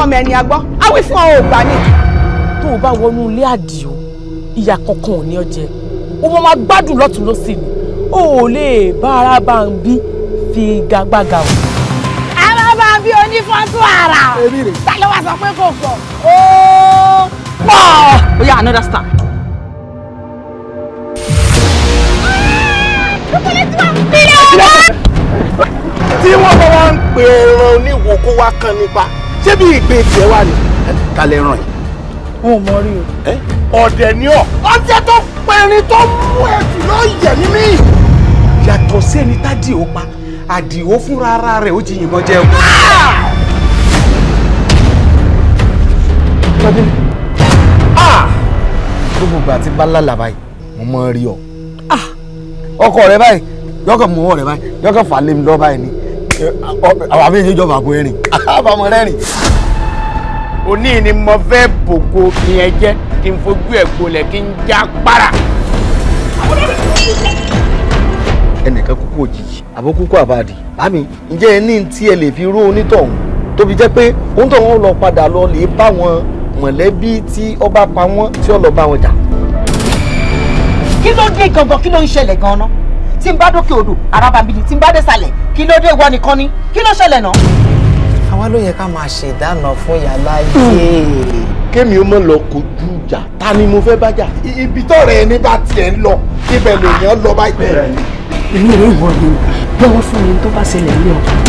fọmọ ẹni agbọ́ awí fún ọ ògbà ni. tó o bá wọnú ilé àdìo ìyà kankan ò ní ọ jẹ o mọ máa gbádùn lọ́tún lọ́sì ni o ò lè bá ara bá ń bí fi gagbága o. ara bá ń bí onífọ́tò ara ta ló wá sọ pé kò pọ̀ ó pọ̀. ó yá another star. tí wọ́n bá wá ń pè ẹran oníwòkó wá kan nípa ṣé bí ìpè tiẹ̀ wà ní kalẹ̀ ràn yìí. n ò mọ rí o. ọ̀dẹ̀ ni ọ́ ọ̀dẹ̀ tó pẹ̀rin tó mú ẹ̀fì lọ́ọ́ yẹ̀ ní mí. yàtọ̀ sí ẹni tádì ó pa àdìó fúnra ara rẹ̀ ó ti yìnbọn jẹun. tọ́jú ah! Ah! gbogbo ìgbà tí bá lálàbà yìí mo mọ rí ọ ah! ọkọ rẹ báyìí yọkọ mọ rẹ báyìí yọkọ fà lé báyìí ni àwọn àbí ìjọba àbò ẹ̀rìn àbámọ̀ rẹ́rìn. òní ni mo fẹ́ bògo ni ẹ jẹ́ kí n fojú ẹ̀ gbolẹ̀ kí n já para. ẹnìkan kúkú òjijì àbó kúkú àbàdì àmì ǹjẹ́ ẹ ní tí ẹ lè fi rú onítọ̀hún tóbi jẹ́ pé onítọ̀hún lọ padà lọ lè bá wọn mọ̀lẹ́bí tí ọba pa wọ́n tí ó lọ bá wọn jà. kí ló dé gangan kí ló ń ṣẹlẹ̀ gan-an náà tí n bá dókè odò arábàbílì tí n bá dé sàlẹ̀ kí ló dé ìwọ nìkan ni kí ló ṣẹlẹ̀ náà. àwa ló yẹ ká máa ṣe ìdáná fún yàrá yìí. kémi ó mọ̀ lọ kojú ìjà ta ni mo fẹ́ bá ibi tọ́rẹ̀ ẹni bá tiẹ̀ ń lọ ibẹ̀ lèèyàn lọ báyìí. èmi rè wọ̀ ni lọ́wọ́ fún mi tó bá ṣẹlẹ̀ ní ọkọ̀.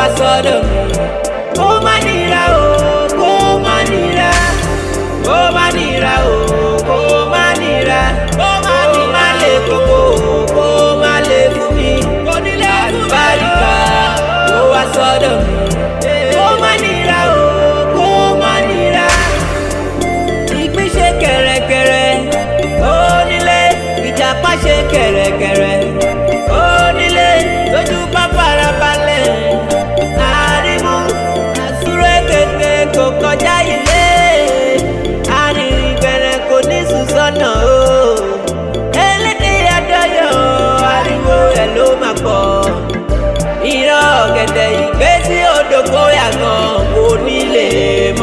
wá sọ́dọ̀ mi. Kó má nira o, kó má nira. Kó má nira o, kó má nira. Kó má mi má lè kókó o, kó má lè fún mi. Onílé àlùbáríkà, kó wá sọ́dọ̀ mi.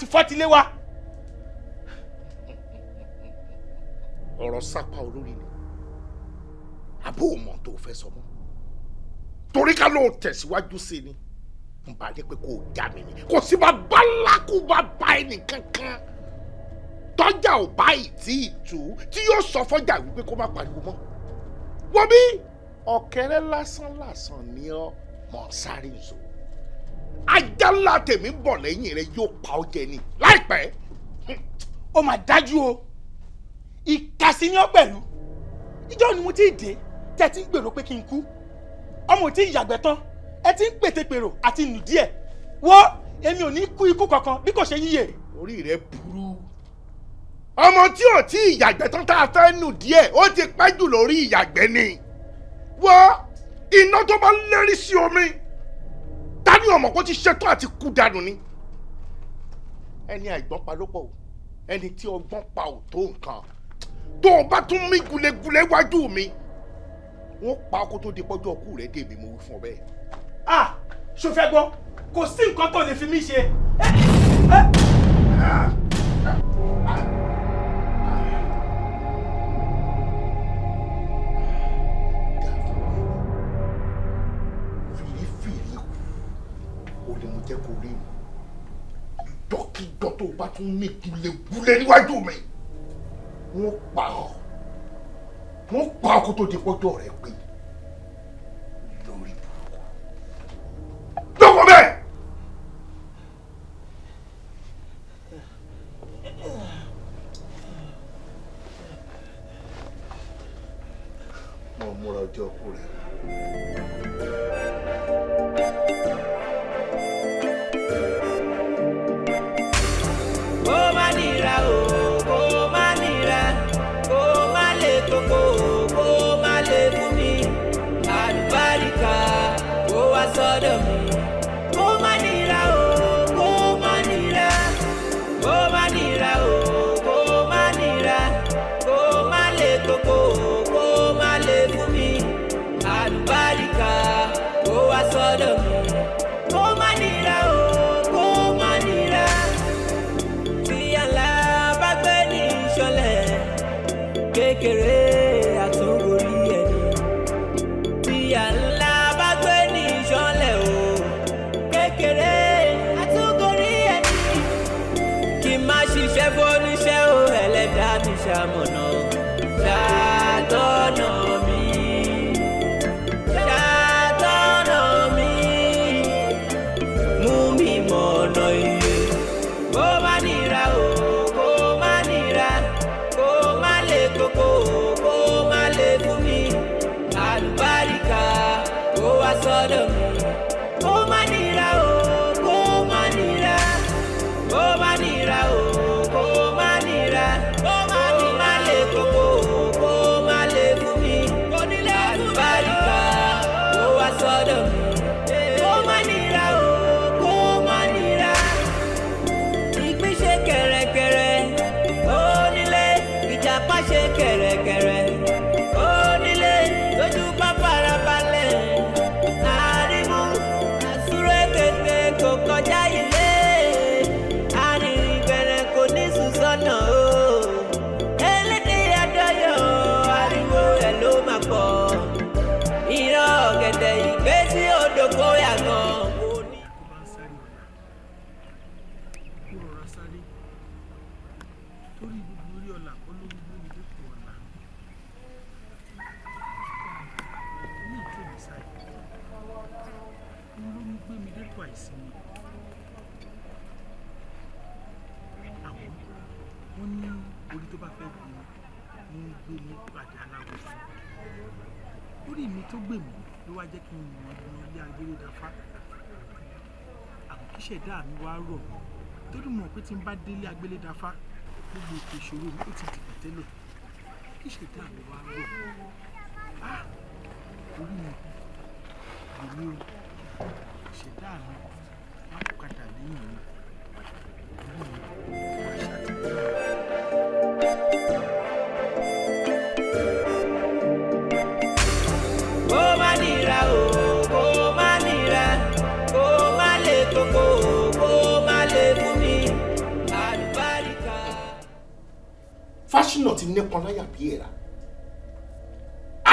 láti fọ́tílé wa. ọ̀rọ̀ sápá olórí ni àbó mọ̀ tó fẹ́ sọ mọ́ torí ká ló tẹ̀síwájú sí ni n bá dé pé kò já mi ni kò sí bá bálá kó bá bá ẹnì kankan tọ́jà ò bá ìtì ìtù tí yóò sọ fọ́jà wípé kó má pariwo mọ́ wọ́n bí ọ̀kẹ́rẹ́ lásán lásán ni ọ mọ̀ sáré nzó ajá ńlá tèmi bọ̀ lẹ́yìn rẹ yóò pa ọ́ jẹ ni láìpẹ́. ó mà dájú o ìkàsí ni ó pẹ̀lú ìjọ ni mo ti dé tẹ́ ti ń gbèrò pé kí n kú ọmọ ò tí ì yàgbẹ́ tán ẹ ti ń pètèpèrò àti nù díẹ̀ wo èmi ò ní kú ikú kankan bí kò ṣe yíyè. orí rẹ burú ọmọ tí ò tí ì yàgbẹ́ tán tá a fẹ́ nù díẹ̀ ó ti pẹ́ jù lórí ìyàgbẹ́ ni wọ́n iná tó bá lérí sí omi tani ọmọ kó ti ṣetán àti kú dànù ni ẹni àìgbọ́n pa ló pọ̀ o ẹni tí ọgbọ́n pa ò tó nǹkan tó o bá tún mí gulegule wájú mi wọ́n pa ọkọ tó di pọ́jọ́ ọkú rẹ̀ dèbí mo wí fún ọ bẹ́ẹ̀. a ṣòfẹ́ gbọ́ kò sí nǹkan tó lè fi mí ṣe. jẹ́ kó rí mi dọ́kídọ́ tó bá tún mí gúlegúle níwájú mi wọ́n pa ọ́ wọ́n pa ọ́ kó tó di pọ́jọ́ rẹ pé lórí burúkú. dọ́kọ̀ bẹ́ẹ̀. mo múra ọjọ́ kú orí tó bá fẹ́ gbé mi ń gbé ní pàdé aláwọ̀ fún orí mi tó gbè mí ló wá jẹ́ kí n mọ̀ ọ́n ilé agbéró dáfá àkókíṣẹ̀dá mi wá rọ̀ torí mọ̀ pé tí n bá délé agbélé dáfá gbogbo ètò ìṣòro mi ó ti dìbò tẹ́lẹ̀ kíṣẹ̀dá mi wá rọ̀ ah orí mi èmi o ìṣẹ̀dá mi má padà lẹ́yìn mi orí mi ṣìnà ti nípọn láyà bí èèrà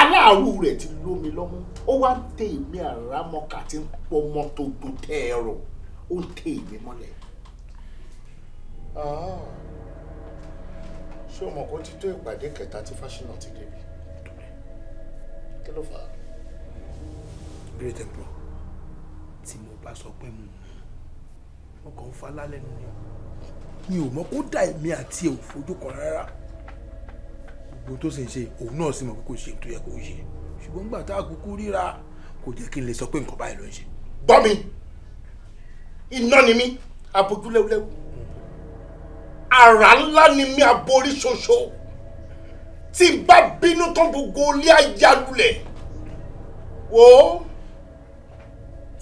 aláàrú rẹ̀ ti lómi lọ́mú ó wá ń tẹ èmi àràmọ́kà tí ń pọ́ mọ́tò tó tẹ́ ẹ̀rọ ó ń tẹ èmi mọ́lẹ̀. Ah. ṣé o mọ̀ kó ti tó ìpàdé kẹta tí fásinà ti débi kí ló fà á. great emperor tí mo bá sọ pé mo mo kàn ń fa lálẹ́ nínú mi ò mọ̀ kó dà èmi àti ẹ̀ ò fojú kan rárá gbogbo tó sì ń ṣe òun náà sì mọ̀ pé kò ṣe tó yẹ kó ṣe ṣùgbọ́n nígbà tá a kúkú ríra kò jẹ́ kí n lè sọ pé nǹkan báyìí ló ń ṣe. bọ́ mi iná ni mí abojú lẹ́wúlẹ́wú àrà ńlá ni mí aborí ṣoṣo tí bá bínú tán gbogbo ilé ayá lulẹ̀ wò ó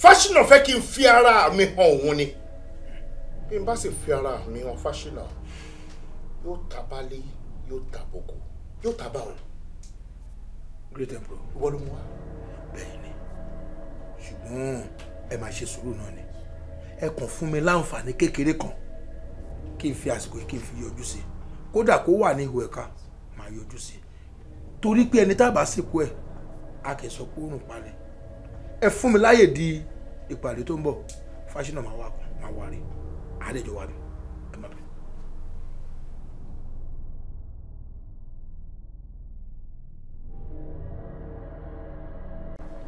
fásinà fẹ́ kí n fi ara mi hàn òun ni bí n bá sì fi ara mi hàn fásinà yóò tabalé yóò tàbùkù yóò ta bá wọn. great emperor ìwọ ló mú wa. bẹ́ẹ̀ ni ṣùgbọ́n ẹ máa ṣe sùúrù náà ni ẹ kàn fún mi láǹfààní kékeré kan kí n fi àsìkò kí n fi yọjú sí kódà kó wà ní ihò ẹ̀ka máa yọjú sí torí pé ẹni tá a bá sìnkú ẹ̀ a kì í sọ pé ó rùn palẹ̀ ẹ fún mi láyè di ìpàdé tó ń bọ̀ fásinà máa wà kan máa wà rí àádẹ́jọ́ wà mí.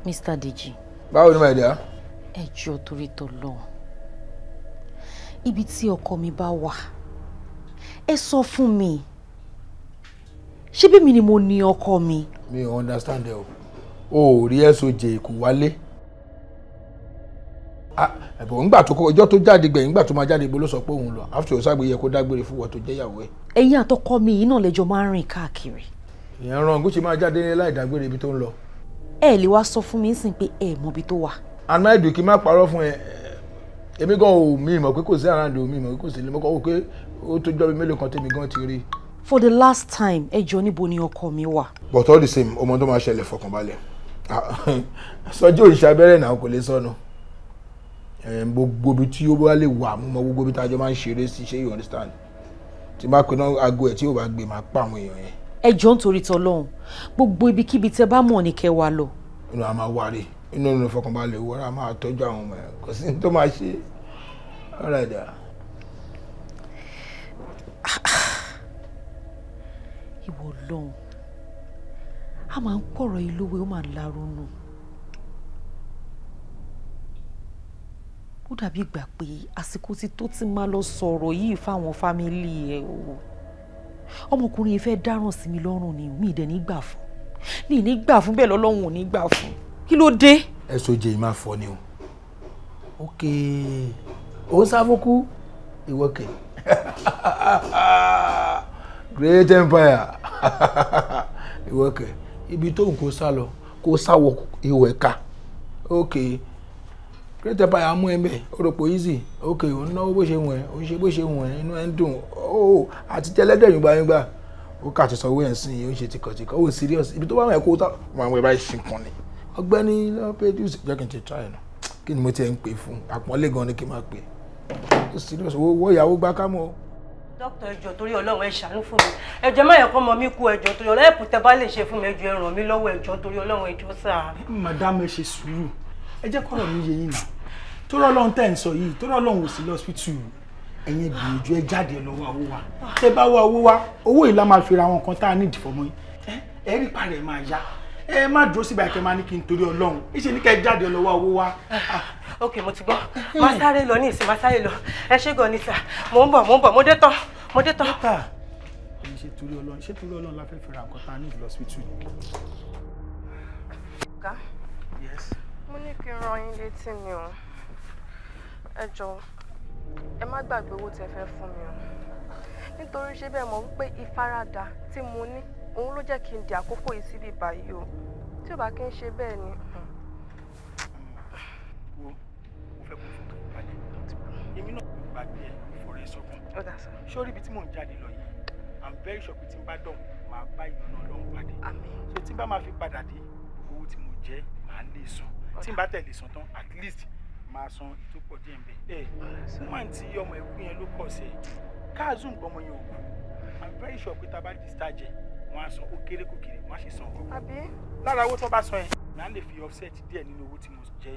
Mr. DG, báwo ni my dear. ẹ jọ̀ọ́ torí t'Ọlọ́run ibi tí ọkọ mi bá wà ẹ sọ fún mi ṣé bí mi ni mo ní ọkọ mi. mi ò understand ẹ o o ò rí soj kò wálé ẹ̀bùn ńgbà tó ọjọ́ tó jáde gbẹ̀yìn ńgbà tó máa jáde ibo ló sọ pé òun lọ after ọ̀sán àgbẹ̀yẹ kó dágbére fún wọn tó jẹ́ ìyàwó ẹ̀. ẹ̀yin àtọkọ mi yìí náà lẹ́jọ́ máa ń rìn káàkiri. ìyẹn rán gúúsì máa jáde ní láì dágbére ibi tó ń lọ ẹ lè wá sọ fún mi sìn pé ẹ mọbi tó wà. àná ìdùn kí n má parọ́ fún ẹ èmi gan ò mí mọ̀ pé kò sí àràǹdò mi mọ̀ pé kò sí ilé mọ́kàn pé ó tó jọ́ mi mélòó kan tèmi gan ti rí. for the last time ẹ jọ níbo ni ọkọ mi wà. but all the same ọmọ tó máa ṣẹlẹ̀ fọkànbalẹ̀ sọjí òrìṣà abẹ́rẹ́ náà kò lè sọnù gbogbo ibi tí ó bá lè wà mú mọ gbogbo ibi tí àjọ máa ń ṣeré sí ṣé you understand tí bá pinnu aago ẹ̀ tí yóò bá gbé máa ẹ jọ nítorí tọlọ́run gbogbo ibikíbi tẹ bá mọ̀ ní kẹ wà lọ. inú a máa wárí inú òun fọkànbalẹ̀ wọ́n a máa tọ́jú àwọn ọmọ ẹ̀ kò sí ní tó máa ṣe ọ̀rọ̀ ẹ̀dá. ìwọ lọ́hùn a máa ń pọ̀rọ̀ ìlúwe ó máa ń larunú. ó dàbí ìgbà pé àsìkò ti tó ti máa lọ sọ̀rọ̀ yìí fáwọn fámìlì ẹ̀ o ọmọkùnrin yìí fẹ́ dáràn sí mi lọ́rùn ni mi ìdẹ̀ nígbà fún ní ìnígbà fún bẹ́ẹ̀ lọ́lọ́run ò ní gbà fún kí ló dé. ẹ sojẹ yìí máa fọ ni o ok òun sáfókú ìwọkẹ great empire ìwọkẹ ibi tó ń kó sá lọ kó sáwọ ìwọ ẹka ok. okay great empire amú ẹ bẹ́ẹ̀ ó rò pé easy ok ò ń náwó bó ṣe wọ̀n ẹ́ ò ń ṣe bó ṣe wọ̀n ẹ́ inú ẹ̀ ń dùn ó àti tẹ́lẹ́dẹ̀ yìnbọn yín gbà ó kà ti sọ owó ẹ̀ sìn yìí ó ń ṣe tìkọ̀tìkọ̀ ó serious ibi tó bá wọn ẹ̀ kó tá wọn àwọn ẹ̀ bá ṣe kàn ní. ọ̀gbẹ́ni lọ́pẹ́dùs jẹ́ kí n ti try nù kí ni mo ti ẹ̀ ń pè fún àpọ́nlé gan ni kí n máa pè ó serious owó owó ìyàwó gbá kámọ́ o. dókítà ẹjọ torí Ọlọ́run ẹ ṣàánú fún mi ẹjọ má yẹn kọ ọmọ mi kú ẹjọ torí Ọlọ́run ẹ pùtẹ bá lè ṣe fún mi ẹjọ ẹ ràn mí lọ́wọ́ ẹjọ torí Ọlọ́run ẹjọ sáà. madam ẹ ṣe sùúrù ẹ jẹ́ kọ́rọ̀ mi yé yín nà torí ọlọ́run tẹ̀ ń sọ yìí torí ọlọ́run ò sí lọ́sítù ẹ̀yin gbìyànjú ẹ jáde lọ́wọ́ owó wa tẹ bá wá owó wa owó yìí la máa fi ra àwọn nǹkan tá a nídìí fọmọ yín ẹ rí parí ẹ máa yá ẹ má dúró síbi àìkẹ́ máa ní kí n torí ọlọ́run ìṣe ní kẹ́ jáde lọ́wọ́ owó wa. Ah, ok mo ti gbọ́ máa sáré lọ ní ìsìn máa sáré lọ ẹ ṣé gan ni sà mò ń bọ̀ mò ń bọ̀ mo dé tán mo dé tán. dókítà ẹni ṣe torí ọlọ́run ṣé torí ọlọ́run la fẹ́ fi ra nǹkan tá a ní ìlọsibítù yìí. ọ̀gá. yes mo ní kí n rán yín létí ni o ẹ jọ̀ọ́ ẹ má gbàgbé owó tẹ́ fẹ́ fún mi o nítorí ṣé bẹ́ẹ̀ mọ̀ wípé ìfaradà tí mo ní òun ló jẹ́ kí n di àkókò yìí síbi báyìí o tí ò bá kí n ṣe bẹ́ẹ̀ ni. Hmm. wo mo fẹ́ kó fòtò balẹ̀ èmi náà kò gbàgbé ẹ ìfọ̀rẹ́ sọ́kàn sórí ibi tí mò ń jáde lọ yìí i'm very sure pé tí n bá dọ̀ máa bá ìlú náà lọ́hùn-ún pàdé so tí n bá máa fi padà dé owó tí mo jẹ́ màá lè sùn tí n bá tẹ̀lé sàn tán at least máa san ètò pọ̀ díẹ̀ bẹ́ẹ̀. ẹ wọ́n ti ọmọ ẹ̀kú yẹn ló kọ̀ sí ẹ̀ káàzù nǹkan ọmọ yẹn ò kú i'm very sure pé tá a bá di star jẹ wọn á san ó kéré kò kéré wọn á sì san ọkọ. lára owó tó bá san yẹn là lè fi offset díẹ̀ nínú owó tí mo jẹ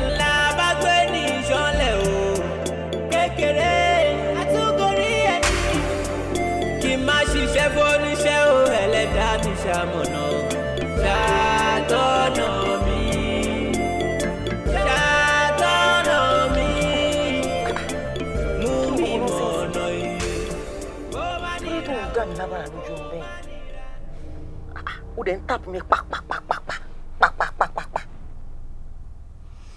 iṣẹ́ fóníṣẹ́ o ẹlẹ́dá mi ṣamọ̀nà ṣàtọ̀nà mi. ṣàtọ̀nà mi mú mi mọ̀ ọ̀nà iye. kí ló ń dá mi lábàrá lójú ọ̀hún bẹ́ẹ̀ ah, ah, ó dẹ̀ ń tàpù mi pàpàpàpàpà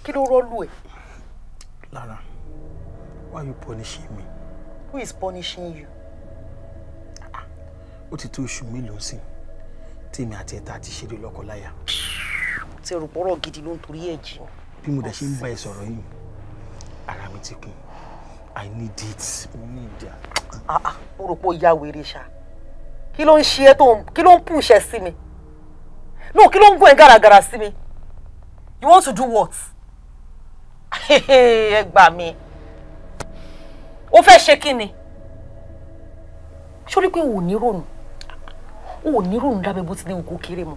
kí ló rọ́ọ̀lù ẹ̀. Lara, why you punishing me? Who is punishing you? ó ti tó oṣù mélòó sí tèmi àti ẹ̀ta ti ṣeré lọ́kọláya. tí pọ́rọ̀ gidi ló ń torí ẹ̀ jì. bí mo dẹ̀ ṣe ń bá ẹ sọ̀rọ̀ yìí ara mi ti kún i need it mo ní ìdí. Ah, ah, mo rò pé ó ya wèrè ṣá kí ló ń ṣe ẹ tó kí ló ń pùṣẹ sí mi no kí ló ń gún ẹ gàràgàrà sí mi you want to do what? ẹ gbà mí ó fẹ́ ṣe kí ni ṣó rí pé òun ní rònú o ní ròrùn lábẹ́ bó ti léwu kó kéré mọ́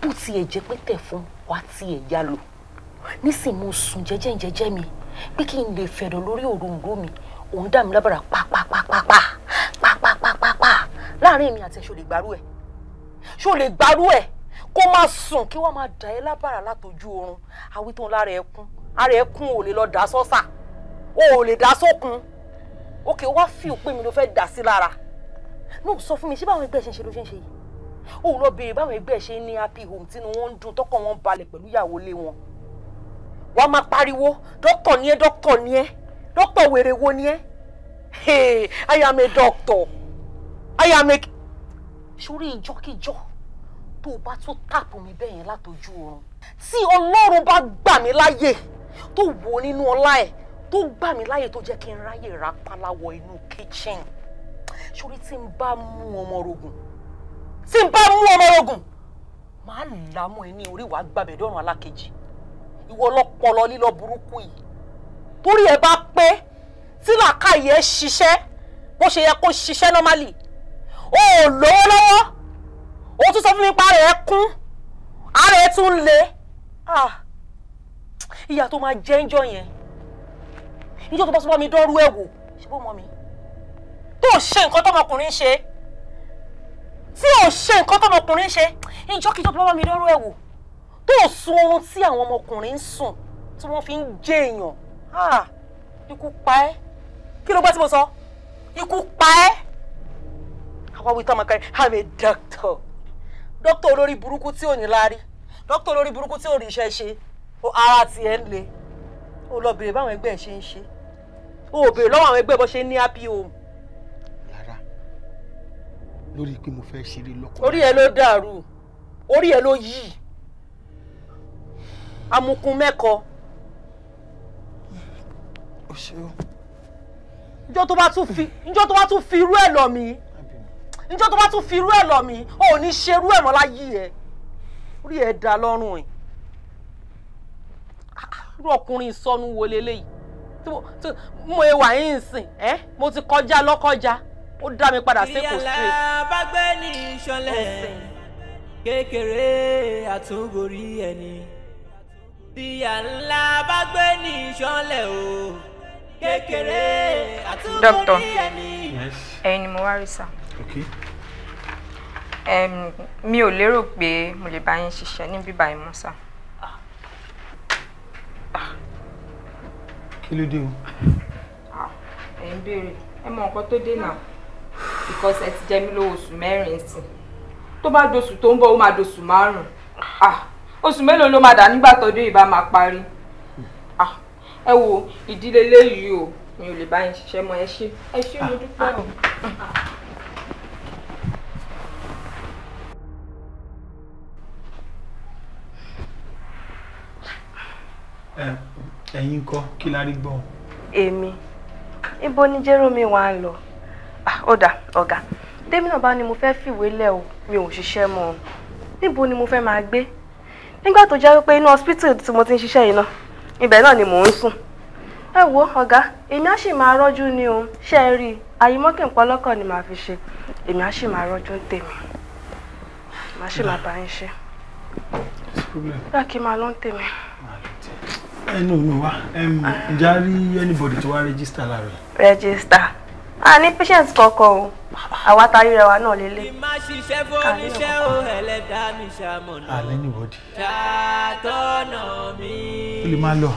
bó tiẹ̀ jẹ́ pé tẹ̀ fún wa tiẹ̀ yá lò nísìnyí mo sùn jẹ́jẹ́ jẹ́jẹ́ mi pé kí n lè fẹ̀dọ̀ lórí òróǹro mi òun dà mí lábàrà pàpàpàpàpà pàpàpàpàpà láàrin èmi àti ẹ̀ ṣó lè gbárù ẹ̀ ṣó lè gbárù ẹ̀ kó máa sùn kí wọ́n máa dà ẹ́ lábàrà látọjú oorun awítán lára ẹ̀ kún ara ẹ̀ kún ò lè lọ dà sọ́sà ò lè dà sókun òkè wá fi òpin mi ló fẹ́ dà sí lára náà sọ fún mi ṣé báwọn ẹgbẹ́ ṣe ń ṣe ló ṣe ń ṣe yìí òun lọ béèrè báwọn ẹgbẹ́ ṣe ní happy home tínú wọn ń dùn tọkàn wọn balẹ̀ pẹ̀lú ìyàwó lé wọn wàá máa pariwo dókítà ni ẹ́ dókítà ni ẹ́ dókítà wèrè wo ni ẹ́ hey i am a doctor i am a. sórí ìjọkíjọ tó o bá tún tàpù mi bẹ́ẹ̀ yẹn látọjú oorun tí ọlọ́run bá gbà mí láyè tó wò ó nínú ọlá ẹ̀ tó gbà mí láyè tó jẹ́ kí n ráyè rápálá wọ inú kitchen sórí tí n bá mú ọmọ rogun tí n bá mú ọmọ ogun màá làámú ẹ ní orí wàá gbàbẹ dọrùn alákejì ìwọ ọlọpọlọ lílọ burúkú yìí torí ẹ bá pé tí làákàyè ẹ ṣiṣẹ́ bó ṣe yẹ kó ṣiṣẹ́ normally o ò lówó lọ́wọ́ o tún sọ fún mi pa ara ẹ kún ara ẹ tún le ah, ìyá tó máa jẹ́ ń jọ yẹn níjọ́ tó bá sọ bá mi dọ́rú ẹ̀ wò ṣe bó mọ mi tó ṣe nǹkan tọmọkùnrin ṣe tí ò ṣe nǹkan tọmọkùnrin ṣe ìjọkíjọ tó bá mi lọ́rọ̀ ẹ̀ wò tó sun oorun tí àwọn ọmọkùnrin ń sùn tí wọ́n fi ń jẹ èèyàn ah, ikú pa ẹ́ kí ló gbọ́ tí mo sọ ikú pa ẹ́ àwọn wí tọmọ kan I'm a doctor doctor olórí burúkú tí ò ní láárí doctor olórí burúkú tí ò rí iṣẹ́ ṣe ara tiẹ̀ ń le ó lọ bèrè báwọn ẹgbẹ́ ẹ̀ ṣe ń ṣe ó bèrè lọ́wọ́ àwọn ẹgbẹ́ bó ṣe ní happy home lórí pé mo fẹ́ ṣeré lọ́kọ. orí ẹ ló dàrú orí ẹ ló yí amukun mẹ́kọ. o ṣeun. njọ́ tó bá tún fi njọ́ tó bá tún fi irú ẹ̀ lọ mí njọ́ tó bá tún fi irú ẹ̀ lọ mí ò ní ṣe irú ẹ̀ mọ́ láyé ẹ̀ orí ẹ̀ dá lọ́rùn ẹ̀ irú ọkùnrin ìsọnù wo leléyìí mo ewà yín ń sìn mo ti kọjá lọ́kọjá ó dá mi padà sẹ́kọ̀ọ́ street. ìyàlá bá gbé ní ìṣọ̀lẹ̀ kékeré àtúngorí ẹni. ìyàlá bá gbé ní ìṣọ̀lẹ̀ o kékeré àtúngorí ẹni. ẹ̀yin ni mo wá rí sá. mi ò lérò pé mo lè bá yín ṣiṣẹ́ ní bíbá ìmọ̀ sá. kí ló dé o. Ah, ẹ ń béèrè ẹ mọ nǹkan tó dé náà because ẹ ti jẹ mí lówó oṣù mẹ́rin sí tó bá doṣù tó ń bọ̀ ó máa doṣù márùn-ún ah oṣù mélòó ló máa dà nígbà tọdún yìí bá máa parí ah ẹ wo ìdílé léyìí o mi ò lè bá yín ṣiṣẹ́ mọ́ ẹ ṣé ẹ ṣé mo dúpẹ́ o. ẹ̀yin kọ́ kí la rí gbọ́. èmi ibo ni jẹ́rọ̀mí wà á lọ. oda ah, dà ọ̀gá tèmínà bá ni mo fẹ́ fìwé o mi ò ṣiṣẹ́ o níbo ni mo fẹ́ máa gbé nígbà tó jẹ́ pé inú hospital tí mo ti ń ṣiṣẹ́ ibẹ̀ náà ni mò ń sùn ẹ wo ọ̀gá èmi á sì máa rọ́jú ni o ṣe é rí ni màá fi ṣe èmi á sì máa rọ́jú ń màá sì máa bá ṣe máa anybody a ní patience kankan o àwa ta ríra wa náà lélẹ̀ alẹ́ ní ìwọ́de ó lè máa lọ.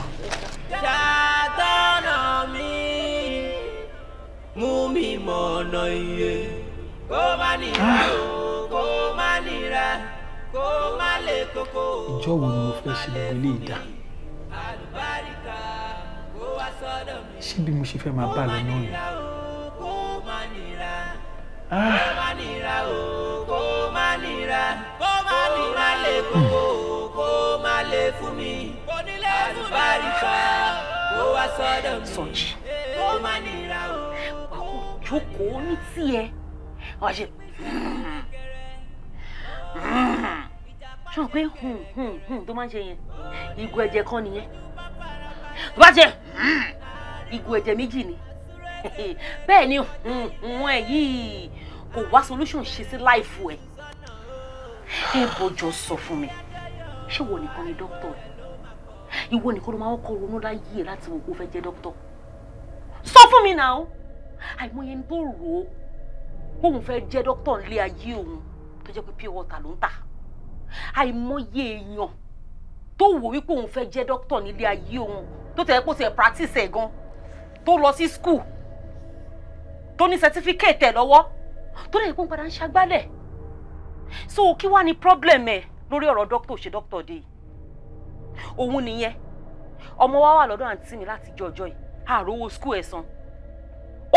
mú mi mọ̀ ọ̀nà iye ah. kó má nira kó má nira kó má lè koko. ìjọ wo ni mo fẹ́ ṣe gbogbo ilé ìdá ṣé bí mo ṣe fẹ́ máa bá a lọ náà yìí kó má nira o kó má nira kó má lè kókó kó má lè fún mi àlùbáríkà kó wá sọ́dọ̀ mi. Sọjí kó má nira o. wà á kò jókòó ní tiẹ̀ wàá ṣe hmm. ṣọ pé hmm, hmm, tó máa ń ṣe yẹn igun ẹ̀jẹ̀ kan nìyẹn tó bá ṣe igun ẹ̀jẹ̀ méjì ni. bẹ́ẹ̀ ni wọn mm, mm, ẹ̀ yìí kò wá solution ṣe sí láìfù ẹ̀ ẹ bọjọ sọ fún mi ṣé wo nìkan ni dókítà ìwọ nìkan ló máa ń kọ ronú láyé ẹ láti wò kó fẹ́ jẹ́ dókítà sọ fún mi náà àìmọye ń tó rò ó bóun fẹ́ jẹ́ dókítà nílé ayé òun tó jẹ́ pé pure water ló ń tà àìmọye èèyàn tó wò wípé òun fẹ́ jẹ́ dókítà nílé ayé òun tó tẹ̀lé pé ó ti practice ẹ̀ gan tó lọ sí school tó ní certificate ẹ̀ lọ́wọ́ tó lè kó ń padà ń ṣàgbálẹ̀ so kí wàá ní problem ẹ̀ lórí ọ̀rọ̀ doctor ṣe doctor dé òun nìyẹn ọmọ wa wà lọ́dọ̀ àǹtí mi láti jọ ọjọ́ yìí àròwọ school ẹ̀ san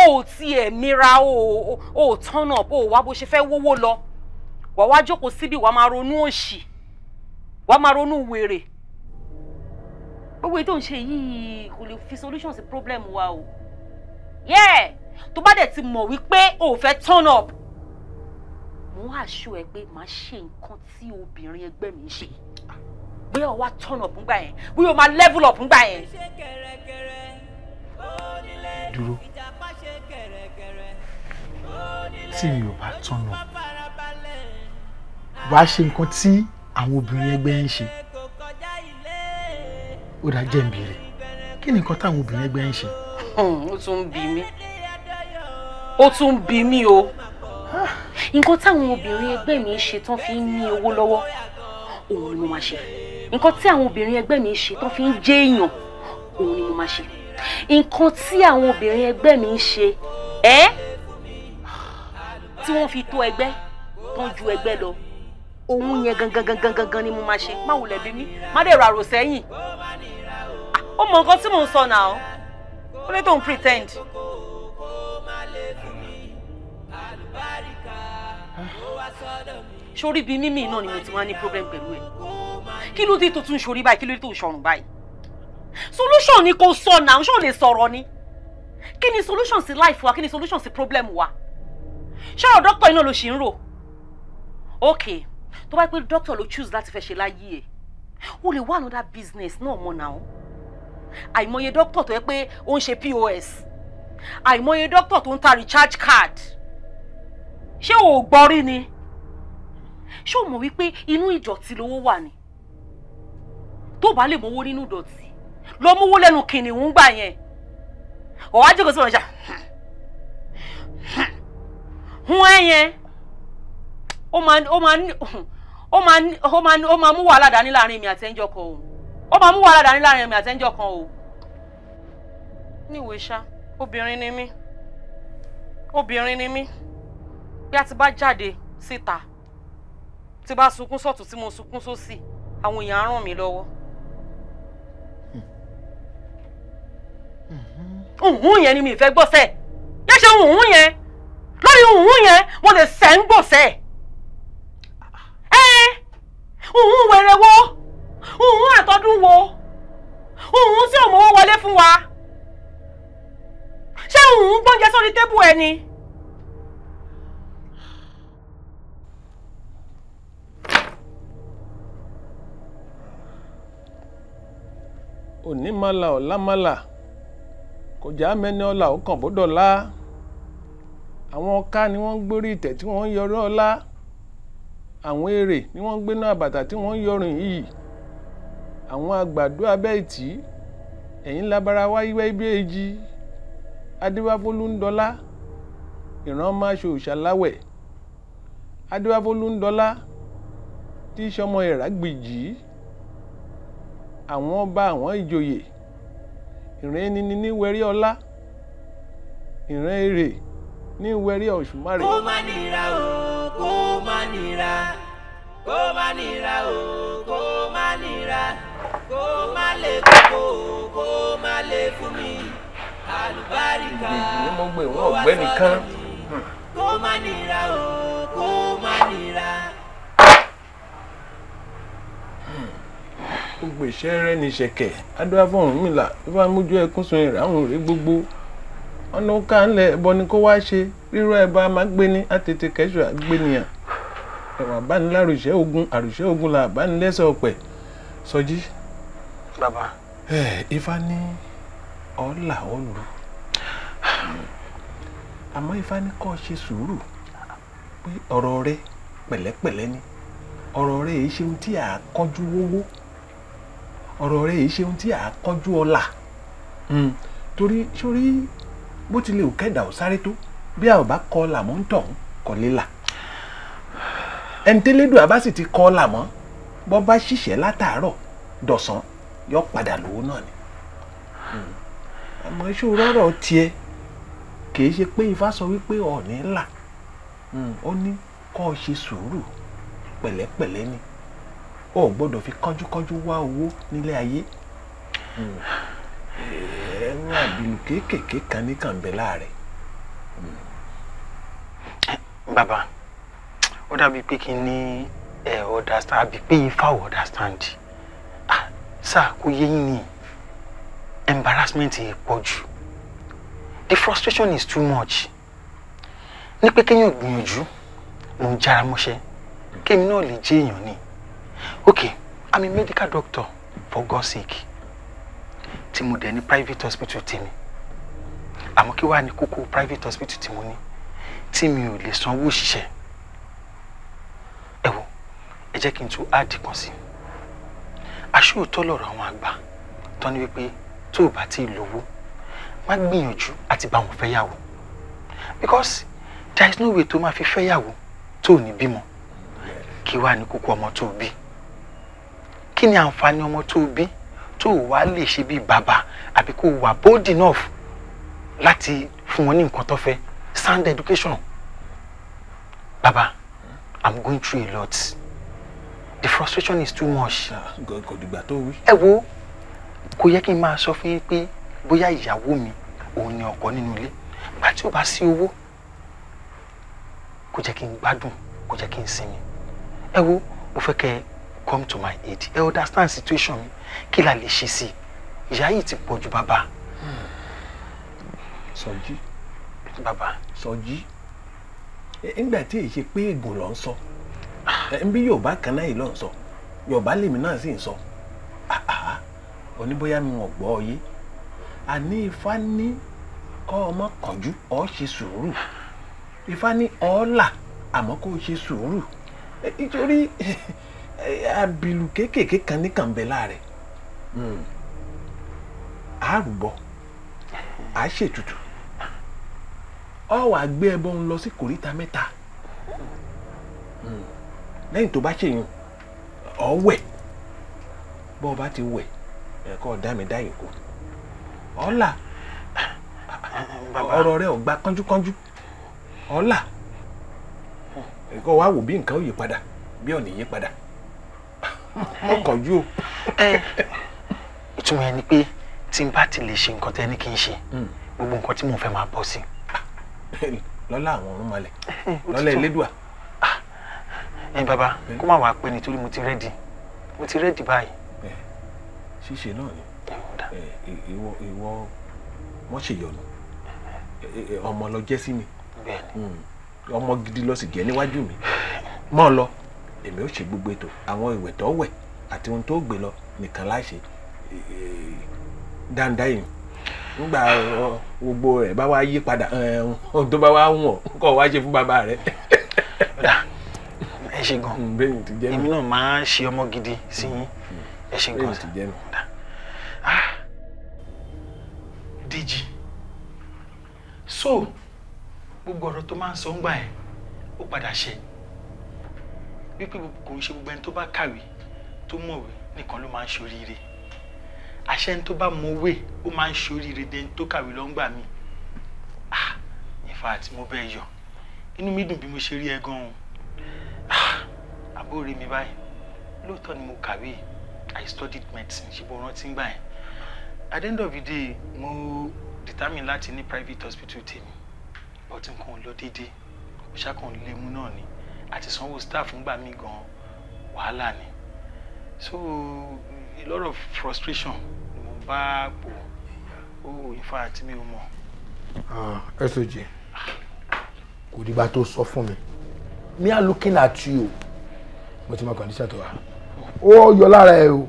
o ò tiẹ̀ mira o ò turn up o ò wá bó ṣe fẹ́ wówó lọ wàá wá jókòó síbi wàá máa ronú òṣì wàá máa ronú wèrè gbogbo ètò ń ṣe yìí kò lè fi solution sí problem wa o. Yeah tó bá dẹ̀ ti mọ̀ wípé o ò fẹ́ turn up mo wá aṣọ ẹ pé màá ṣe nǹkan tí obìnrin ẹgbẹ́ mi ń ṣe bóyá o turn up ńgbà yẹn bóyá o máa level up ńgbà yẹn. dúró tí mi ò bá turn up wàá ṣe nǹkan tí àwọn obìnrin ẹgbẹ́ ń ṣe ó dáa jẹ́ ń bèrè kí ni nǹkan táwọn obìnrin ẹgbẹ́ ń ṣe. ó tún ń bi mí ó tún bí mi o ah, nǹkan táwọn obìnrin ẹgbẹ́ mi ń ṣe tán fi ń ní owó lọ́wọ́ òun ni mo máa ṣe nǹkan tí àwọn obìnrin ẹgbẹ́ mi ń ṣe tán fi ń jẹ́ èèyàn òun ni mo máa ṣe nǹkan tí àwọn obìnrin ẹgbẹ́ mi ń ṣe ẹ́ tí wọ́n fi tó ẹgbẹ́ tán ju ẹgbẹ́ lọ òun yẹn gangan gangan gangan ni mo máa ṣe má wulẹ̀ bí mi má dẹ̀ rà rò sẹ́yìn ah, ó mọ nǹkan tí mò ń sọ náà ó lè tó ń pretend. sórí bíi mímì náà ni mo ti wá ní problem pẹ̀lú ẹ kí ló dé tó tún sórí báyìí kí ló dé tó sọrùn báyìí solution ni kò sọ náà ṣó lè sọ̀rọ̀ ni kí ni solution sí life wa kí ni solution sí problem wa ṣọ́rọ̀ doctor iná ló ṣì ń rò ok tó bá pẹ́ doctor ló choose láti fẹ́ ṣe láyé ẹ̀ o lè wá another business náà mọ̀ náà àìmọye doctor tó yẹ pé ó ń ṣe pos àìmọye doctor tó ń ta recharge card ṣé o ò gbọ́ rí ni ṣé o mọ̀ wípé inú ìdọ̀tí lówó wà ni tó bá lè mówó nínú ìdọ̀tí lọ mówó lẹ́nu kìnìún gbà yẹn ọ̀wá jókòó sọ̀rọ̀ ṣá hun ẹ yẹn ó máa ó máa ó máa ó máa ó máa mú wàhálà dání láàrin èmi àti ẹnjọ kan o ó máa mú wàhálà dání láàrin èmi àti ẹnjọ kan o níwèé ṣá obìnrin ni mí obìnrin ni mí bí a ti bá jáde síta. Si tí bá sunkún sọ̀tún tí mo sunkún sósì àwọn èèyàn á ràn mí lọ́wọ́. òhun yẹn ni mi fẹ́ gbọ́sẹ̀ yẹn ṣe òhun yẹn lórí òhun yẹn mo lè sẹ́ ń gbọ́sẹ̀ òhun wẹ̀rẹ̀ wo òhun àtọ́dún wo òhun tí ò wọlé fún wa ṣé òhun gbọ́njẹ sórí tébù ẹ ni. onímàlà ọ̀làmàlà kọjá mẹ́ni ọ̀là ọkàn bọ́dọ̀ la àwọn ọ̀ka ni wọ́n ń gbórí ìtẹ̀ tí wọ́n ń yọrọ ọ̀la àwọn èrè ni wọ́n ń gbéná àbàtà tí wọ́n ń yọrùn yìí àwọn àgbàdo abẹ́ ìtì ẹ̀yìn labara wáyé ibi èjì adéwáfólú ìran ọmọ aṣọ òṣàláwẹ̀ adéwáfólú tí í ṣọmọ ìràgbìjì àwọn ọba àwọn ìjòyè ìran ẹni ní wẹrí ọlá ìran èrè ní wẹrí ọ̀ṣùmárè. kó má nira o kó má nira kó má nira o kó má nira kó má lè kókó o kó má lè fún mi àlùbáríkà kó wá sọ́dọ̀ mi kó má nira o. gbogbo ìṣẹ́rẹ́ ní ṣẹ̀kẹ̀ adúláfọ̀rún mìlà tó bá mójú ẹkún sun ìràwọ̀n rẹ̀ gbogbo ọ̀nà kánlẹ̀ ẹ̀bọ ni kó wá ṣe rírọ̀ ẹ̀bọ amágbéni àtètè kẹ́sù àgbéniyàn ẹ̀wọ̀n àbániláròṣẹ́ ogun àròṣẹ́ ogun la àbánilẹ́sẹ̀ ọ̀pẹ̀ sọjí. bàbá. ẹ ifá ní ọ̀là ọ̀lù àmọ́ ifá ní kó ṣe sùúrù pé ọ̀rọ̀ rẹ pẹ̀lẹ́pẹ̀lẹ́ ni ọ̀rọ̀ rẹ èyí ṣe tí à ọ̀rọ̀ rẹ yìí ṣe ohun tí à á kọ́jú ọ̀la hmm. torí sórí bó tilẹ̀ ò kẹ́dà ò sáré tó bí a ò bá kọ́ ọ̀la mọ́ ń tọ̀ kọ́ lílà ẹni tẹ́lẹ́dùn àbá sì ti kọ́ ọ̀la mọ́ bọ́ bá ṣiṣẹ́ látàárọ̀ dọ̀sán yọ padà lówó náà ni hmm. àmọ́ iṣẹ́ òrọ́rọ̀ tiẹ̀ kì í ṣe pé ifá sọ wípé ọ̀ọ́ni là hmm. ó ní kọ́ ọ ṣe sùúrù pẹ̀lẹ́pẹ̀lẹ́ ni. Mm o ò gbọ́dọ̀ fi kánjúkánjú wá owó nílé ayé hmm. ẹ̀rọ àbínú kéékèèké kan ní kàǹbẹ̀ láàrẹ̀. bàbá ó dàbí pé kí n ní ẹ understand àbí pé ifá ò understand sáà kò yé yín ni embarrassment yìí pọ̀ jù the frustration is too much ní pé kéèyàn gbìyànjú mò ń jára mọ́ṣẹ́ kéèmí náà lè jẹ́ èèyàn ni. Mm okay i'm a medical doctor for god's sake tí mo dẹ̀ ní private hospital tèmi àmọ́ kí wàá ní kókó private hospital tí mo ní tí mi ò lè sanwó òṣìṣẹ́ ẹ wo ẹ jẹ́ kí n tún áàdì kan sí aṣóòótọ́ lọ̀rọ̀ àwọn àgbà tó ní wípé tó o bá ti lówó má gbìyànjú àti bá wọn fẹ́yàwó because there is no way tó máa fi fẹ́yàwó tó ò ní bímọ kí wàá ní kókó ọmọ tó o bí kí ni àǹfààní ọmọ tó bí tó o lè ṣe bíi bàbá àbí kó wà bold enough láti fún wọn ní nǹkan tó fẹ́ sound education bàbá i'm going through a lot the frustration is too much. kò dìgbà tó wí. ẹ wo kò yẹ kí n máa sọ fún yín pé bóyá ìyàwó mi òun ni ọkọ nínú ilé gbà tí ò bá sí owó kò jẹ́ kí n gbádùn kò jẹ́ kí n sinmi ẹ wo mo fẹ́ kẹ́ come to my aid ẹ understand situation mi kí la lè ṣe sí i ìyá yìí ti pọ̀ ju bàbá. Hmm. sọjí. bàbá. sọjí nígbà tí èyí ṣe pé ègùn ló ń sọ nbí yorùbá kan náà yìí ló sọ yorùbá lèmi náà sì ń sọ oníbóyá mi ò gbọ́ ọ yé àní ifá ní kọ́ ọmọ kọjú ọ ṣe sùúrù ifá ní ọ̀ọ́là àmọ́ kó ṣe sùúrù nítorí abilu kéékèèké kan ní kànbẹ́là rẹ̀ hmm. a rúbọ a ṣètùtù ọ wà gbé ẹbọ ń lọ sí kòríta mẹ́ta hmm. lẹ́yìn tó bá ṣèyàn ọ wẹ̀ bọ́ ọ bá ti wẹ̀ ẹ̀kọ́ dámidá yìí kù ọ̀la ọ̀rọ̀ rẹ ò gba kánjúkánjú ọ̀la ẹ̀kọ́ wa wò bí nǹkan ò yí padà bí ò yí padà ọkọ̀ yìí o. ìtumọ̀ ẹ ni pé tí n bá ti lè ṣe nǹkan tẹ́ ní kí n ṣe hmm. gbogbo nǹkan tí mò ń fẹ́ máa bọ́ sí. lọ́lá àwọn ọ̀run malẹ̀ lọ́lá elédùà. ẹ bàbá kó má wàá pé nítorí mo ti rẹ́dì mo ti rẹ́dì báyìí. ṣíṣe náà ni ìwọ ìwọ wọn ṣèyọnu ọmọ lọ jẹ́ sí mi hmm, ọmọ gidi lọ sì jẹ́ níwájú mi mọ́ lọ èmi ò ṣe gbogbo ètò àwọn ìwẹ̀ tó wẹ̀ àti ohun tó gbé lọ nìkan láṣẹ eh, dáadáa yìí nígbà gbogbo ẹ̀ bá wá yí padà eh, ohun tó bá wá wùn ọ́ kọ́ wá ṣe fún bàbá rẹ̀. ẹ ṣe gan èmi náà máa ń ṣe ọmọ gidi sí yín ẹ ṣe gan sa ah, díjì so gbogbo ọ̀rọ̀ tó máa ń sọ ń gbà ẹ̀ ó padà ṣe wípé kò ń ṣe gbogbo ẹni tó bá kàwé tó mọ̀wé nìkan ló máa ń ṣoríire àṣẹ ẹni tó bá mọ̀wé ó máa ń ṣoríire dẹni tó kàwé lọ́ngbà mi ah in mo bẹ́ẹ̀ yọ̀ inú mi dùn bí mo ṣe rí ẹ gan-an ah, àbúrò mi báyìí lóòótọ́ ni mo kàwé I studied medicine ṣùgbọ́n rántí ń gbà yẹn at the end of the day mo determine láti ní private hospital tèmi but nǹkan ò lọ déédéé mo ṣàkàn lè mú náà ni àti sanwó staff ńgbà mí gan wàhálà ni so a lot of frustration ni mo bá pò ó in fact mi ò mọ̀. Ah, sog kò dìgbà tó sọ fún mi me are looking at you mo ti mọ condition tó wà ó yọ lára ẹ o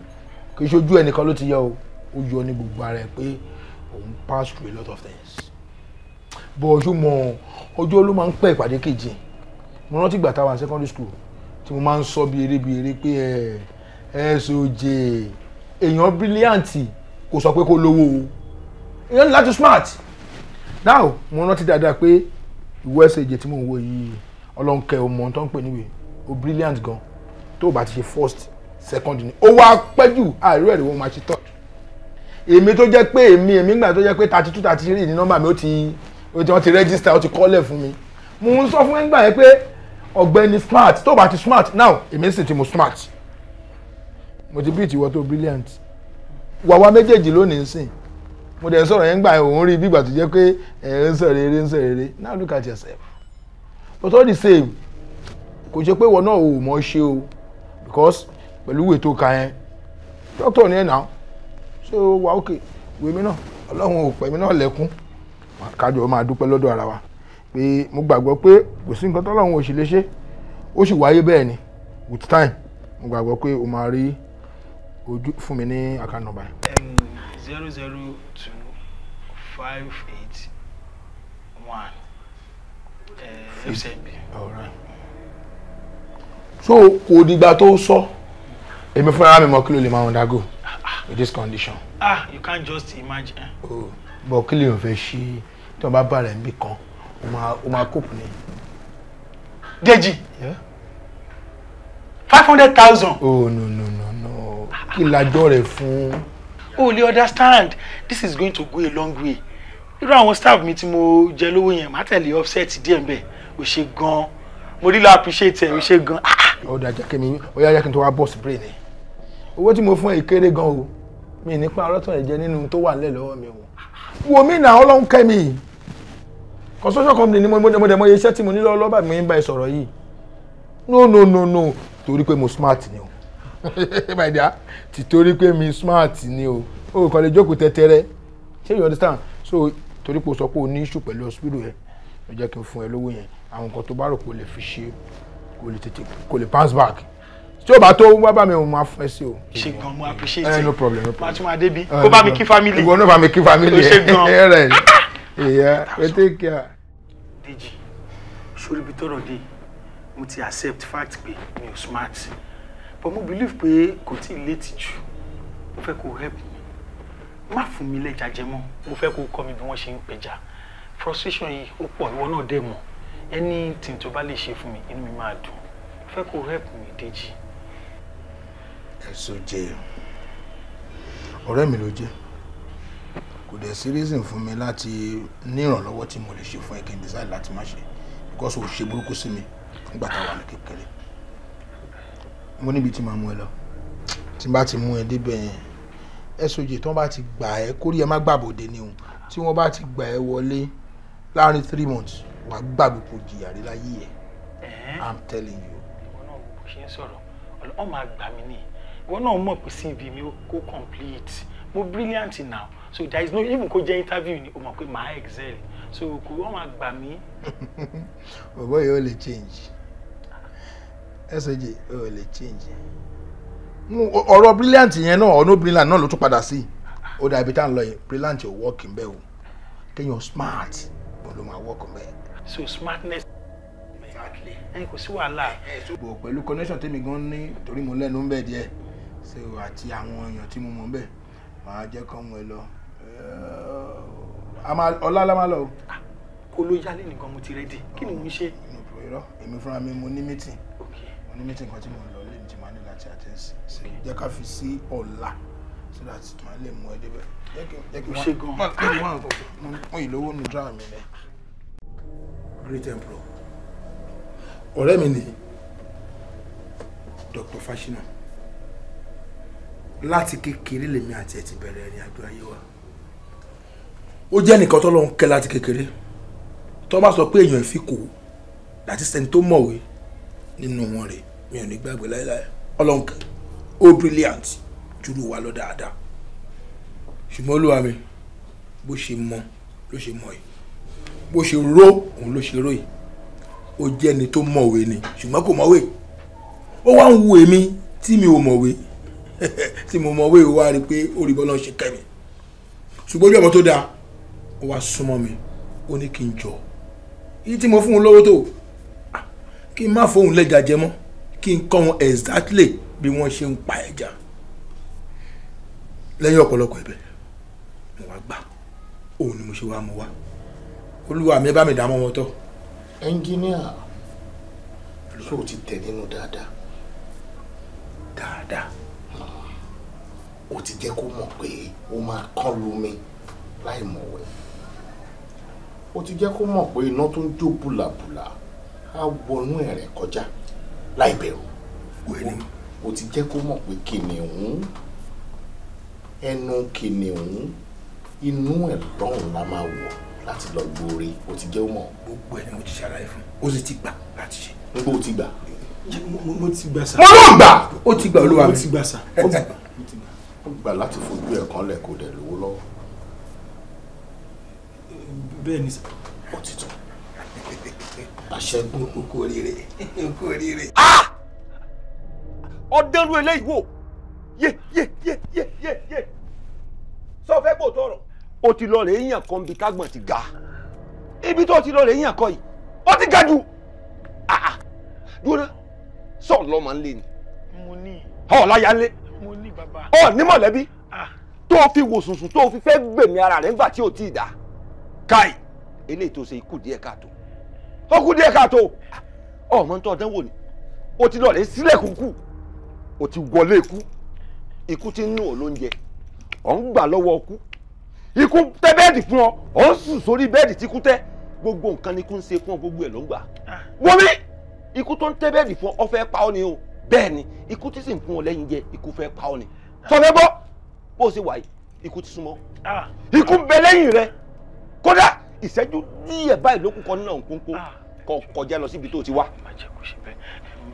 kì í ṣojú ẹnìkan ló ti yọ o ó yọ ní gbogbo ara ẹ pé òun pass through a lot of things bó ojú mọ ọjọ́ ló máa ń pẹ́ ìpàdé kejì mo rántí ìgbà táwa secondary school tí mo máa ń sọ bí eré bí eré pé ẹ ẹ soj èèyàn brilliant kò sọ pé kó lówó o èèyàn láti smart now mo rántí dáadáa pé ìwé ẹsẹ̀ ìjẹ́ tí mo ń wo yìí ọlọ́nkẹ́ ọmọ tó ń pè níwèé o brilliant gan tó o bá ti ṣe first second ni ó wá pẹ́ jù àìrú ẹ̀rí wọn máa ṣe third èmi tó jẹ́ pé èmi èmi gbà tó jẹ́ pé thirty two thirty three ní nọ́mbà mi ó ti ó ti wọ́n ti register ó ti kọ́lẹ̀ fún mi mo n sọ fún ẹgbà yẹn pé ọ̀gbẹ́ni smart tó bá ti smart now èmi sì ti mo smart mo ti beat tó brilliant wàwa méjèèjì lónìí ń mo dẹ̀ ń sọ̀rọ̀ yẹn gbà òun rí bí tó jẹ́ pé ẹ̀ ń sọ̀rọ̀ eré ń sọ̀rọ̀ eré now look at yourself but all the same kò ṣe pé ìwọ náà ò o because pẹ̀lú ìwé tó ka yẹn ni ẹ̀ náà so wà ókè náà ọlọ́run ò náà lẹ́kún kájọ máa dúpẹ́ lọ́dọ̀ pé mo gbàgbọ́ pé kò sí nǹkan tọ́lọ́run ò sì lè ṣe ó sì wáyé bẹ́ẹ̀ ni with time mo gbàgbọ́ pé o máa rí ojú fún mi ní account number. zero zero two five eight one eh, fcb. so kò dìgbà tó sọ èmi fúnra mi mọ kí ló lè máa undergo with this condition. ah you can't just imagine. Oh, bọ̀ kí lè fẹ́ ṣí tí wọ́n bá bá rẹ̀ kan o máa o máa yeah. five hundred thousand. oh no no no no kí lajọ rẹ fún. o understand this is going to go a long way irú àwọn staff mi tí mo jẹ lówó yẹn má tẹ̀lé offset díẹ̀ ń bẹ̀ ò ṣe gan-an mo really appreciate ẹ̀ ò ṣe gan-an. Ah, ọ̀dà ah. jákèmí ọ̀yá jákèmí tó wá bọ́ọ̀sì brain ni owó tí mo fún ẹ kéré gan o mi nípa ọlọ́tàn ẹ̀jẹ̀ nínú tó wà nílẹ̀ lọ́wọ́ mi o wò mí nà ọlọ́run kẹ́ mi construction company ni mo dẹ̀ mo iṣẹ́ tí mo ní lọ́wọ́ lọ́ba mi ń bá ẹ sọ̀rọ̀ yìí no no no no torí pé mo smart ni o my dear ti torí pé mi smart ni o o kàn lè jókòó tẹ́tẹ́rẹ́ ṣé you understand so torí pé o sọ pé o ní issue pẹ̀lú hospital yẹn ló jẹ́ kí n fún ẹ lówó yẹn àwọn nǹkan tó bá rò pé lè fi ṣe kò lè tètè kò lè bounce back tí o bá tó wá bá mi o máa fún ẹ sí o. ṣe gan mo appreciate ẹ eh, no problem no problem màá tún eh, kó bá mi kí family. ìwọ náà bá mi kí family ẹ ẹ rẹ ẹ ẹ take care. Dèjì sórí ibi tọ́rọ̀ dé mo ti accept fact pé mi smart but mo believe that kò tí ì létí jù mo fẹ́ kó help mi má fún mi lẹ́jà jẹ mọ́ mo fẹ́ kó kọ́ mi bí wọ́n ṣe ń pẹja frustration yìí ó pọ̀ ìwọ náà dẹ̀ mọ̀ anything tó bá lè ṣe fún mi inú mi máa dùn help me, Dèjì. ẹ̀sùn jẹ́ ọ̀rẹ́ mi ló jẹ́ kò dẹ̀ sí reason fún mi láti ní ìrànlọ́wọ́ tí mo lè ṣe fún ẹ kí láti má ṣe because o ṣe burúkú sí mi nígbà tá a wà ní kékeré mo níbi tí màá mú ẹ lọ tí bá ti mú ẹ débẹ̀ yẹn soj tí wọ́n bá ti gbà ẹ kórí ẹ má gbàbòde ni o tí wọ́n bá ti gbà ẹ wọlé láàrin three months wàá gbàgbé kò jìyà rí láyé ẹ i'm telling you. ìwọ náà bó ṣe ń sọ̀rọ̀ ọlọ́run máa gbà mí ni ìwọ náà mọ̀ pé cv mi ó complete mo brilliant now so there is no even kó jẹ́ interview ni o mọ̀ pé màá excel so kò wọ́n máa gbà mí. bàbá yìí ò lè change soj ò lè change ọ̀rọ̀ brilliant yẹn náà ọ̀nà brilliant náà ló tún padà sí ó dàbí tá à ń lọ yẹn brilliant ò work ń bẹ́ẹ̀ o kéèyàn smart ló máa work ń bẹ́ẹ̀. so smartness ẹn kò sí wàhálà. bò pẹ̀lú connection tèmi gan ní torí mo lẹ́nu ń bẹ̀ so àti àwọn èèyàn tí mo mọ̀ ń màá jẹ́ kán mú ẹ lọ ọlá la máa lọ o. Ah, kó ló yálé nìkan mo ti rẹ́dì kí ni mo ń ṣe. ìpò èmi fúnra mi mo ní mítìn mo ní mítìn kan tí mo lọ lé ti máa ní láti àtẹ́sí ṣe jẹ́ ká fi sí ọ̀la so that màá lè mú ẹ débẹ̀. jẹ́ ṣe gan-an mo ìlówó nu dra mi lẹ. great emperor ọ̀rẹ́ mi ni Dr. Fashina láti kékeré lèmi àti ẹ̀ ti bẹ̀rẹ̀ ìrìn àjò ayé wa ó jẹ́ nìkan tó lọ́n kẹ́ láti kékeré tó bá sọ pé èèyàn fi kò láti sẹ́ni tó mọ̀wé nínú wọn rè mi ò ní gbàgbé láéláé ọlọ́nkẹ́ ó brilliant jùlọ wà lọ dáadáa ṣùgbọ́n olúwa mi bó ṣe mọ ló ṣe mọ yìí bó ṣe ró òun ló ṣe ró yìí ó jẹ́ ni tó mọ̀wé ni ṣùgbọ́n kò mọ̀wé ó wá ń wo èmi tí mi ò mọ̀wé tí mo mọ wéèwò wá rí i pé ó rí bọ́lá ṣe kẹ́mi ṣùgbọ́n ojú ọmọ tó dáa ó wá súnmọ́ mi ó ní kí n jọ èyí tí mo fún un lówó tó kí n má fóun lẹ́jà jẹ mọ́ kí n kọ́ wọn exactly bí wọ́n ṣe ń pa ẹja lẹ́yìn ọ̀pọ̀lọpọ̀ ẹ̀bẹ̀ mo wá gbà òun ni mo ṣe wá mo wá olúwa mi bá mi dá mọ́ wọn tọ́. ẹnjíníà ṣó o ti tẹ̀ nínú dáadáa. dáadáa o ti jẹ́ kó mọ̀ pé ó máa kán lómi láì mọ̀wẹ́ ó ti jẹ́ kó mọ̀ pé iná tó ń jó bùlàbùlà á wọnú ẹ̀rẹ̀ kọjá láì bẹ̀rù ó ti jẹ́ kó mọ̀ pé kìnìún ẹnu kìnìún inú ẹ̀ lọ́rùn la máa wọ̀ láti lọ gbóore o ti jẹ́ ó mọ̀. gbogbo ẹ̀ ni mo ti ṣàlàyé fún un sì ti gbà láti ṣe. n gbọ́ ó ti gbà. mo ti gbà sá. mo ló gbà. ó ti gbà olúwa mi. ó ti gbà sá gbà láti fojú ẹ̀ kanlẹ̀ kò dẹ̀ lówó lọ́wọ́. bẹ́ẹ̀ ni sà. ó ti tán àṣẹgun okú oríire okú oríire. Ah! ọ̀dẹ́rú eléyìí wò yé yé yé yé yé yé sọ fẹ́ gbò tọrọ. o ti lọ rè é yàn kan bí tágbọ̀n ti ga ibi tó ti lọ rè é yàn kan yìí ó ti ga jù ah, ah. dúró náà sọ̀rọ̀ lọ́ọ́ máa ń lé ni. mo ní. ọ̀ láyà ń lé mo ní bàbá. ọ ní mọ̀lẹ́bí ah. tó o fi wò sùnsùn tó o fi fẹ́ gbẹ̀mí ara rẹ̀ nígbà tí o ti dà káì eléyìí tó ṣe ikú díẹ̀ káàtó ó kú díẹ̀ káàtó ah, ọmọ tó ọdún wò ni o ti lọlẹ sílẹ̀ kúkú o ti wọlé ikú ikú ti ń nù ọ lóúnjẹ ọ ń gbà lọ́wọ́ ọkú ikú tẹ́ bẹ́ẹ̀dì fún ọ ọ ń sùn sórí bẹ́ẹ̀dì tí kú tẹ́ gbogbo nǹkan ni ikú ń ṣe fún ọ gbogbo ẹ̀ ló ń gbà ah. wọmi ikú tó ń tẹ́ bẹ́ẹ̀dì fún ọ ọ fẹ́ pa ọ ni o bẹ́ẹ̀ ni ikú tí sì ń fún ọ lẹ́yìn jẹ ikú fẹ́ pa ọ ni ah. sọfẹ́ gbọ́ bó o ṣe wà yìí ikú ti súnmọ́ ah. ikú ń bẹ lẹ́yìn rẹ kódà ìṣẹ́jú díẹ̀ báyìí ló kù kọ nínú òǹkóńkó ah. kọ kọjá lọ síbi tó o ti wá. má jẹ́ kó ṣe bẹ́ẹ̀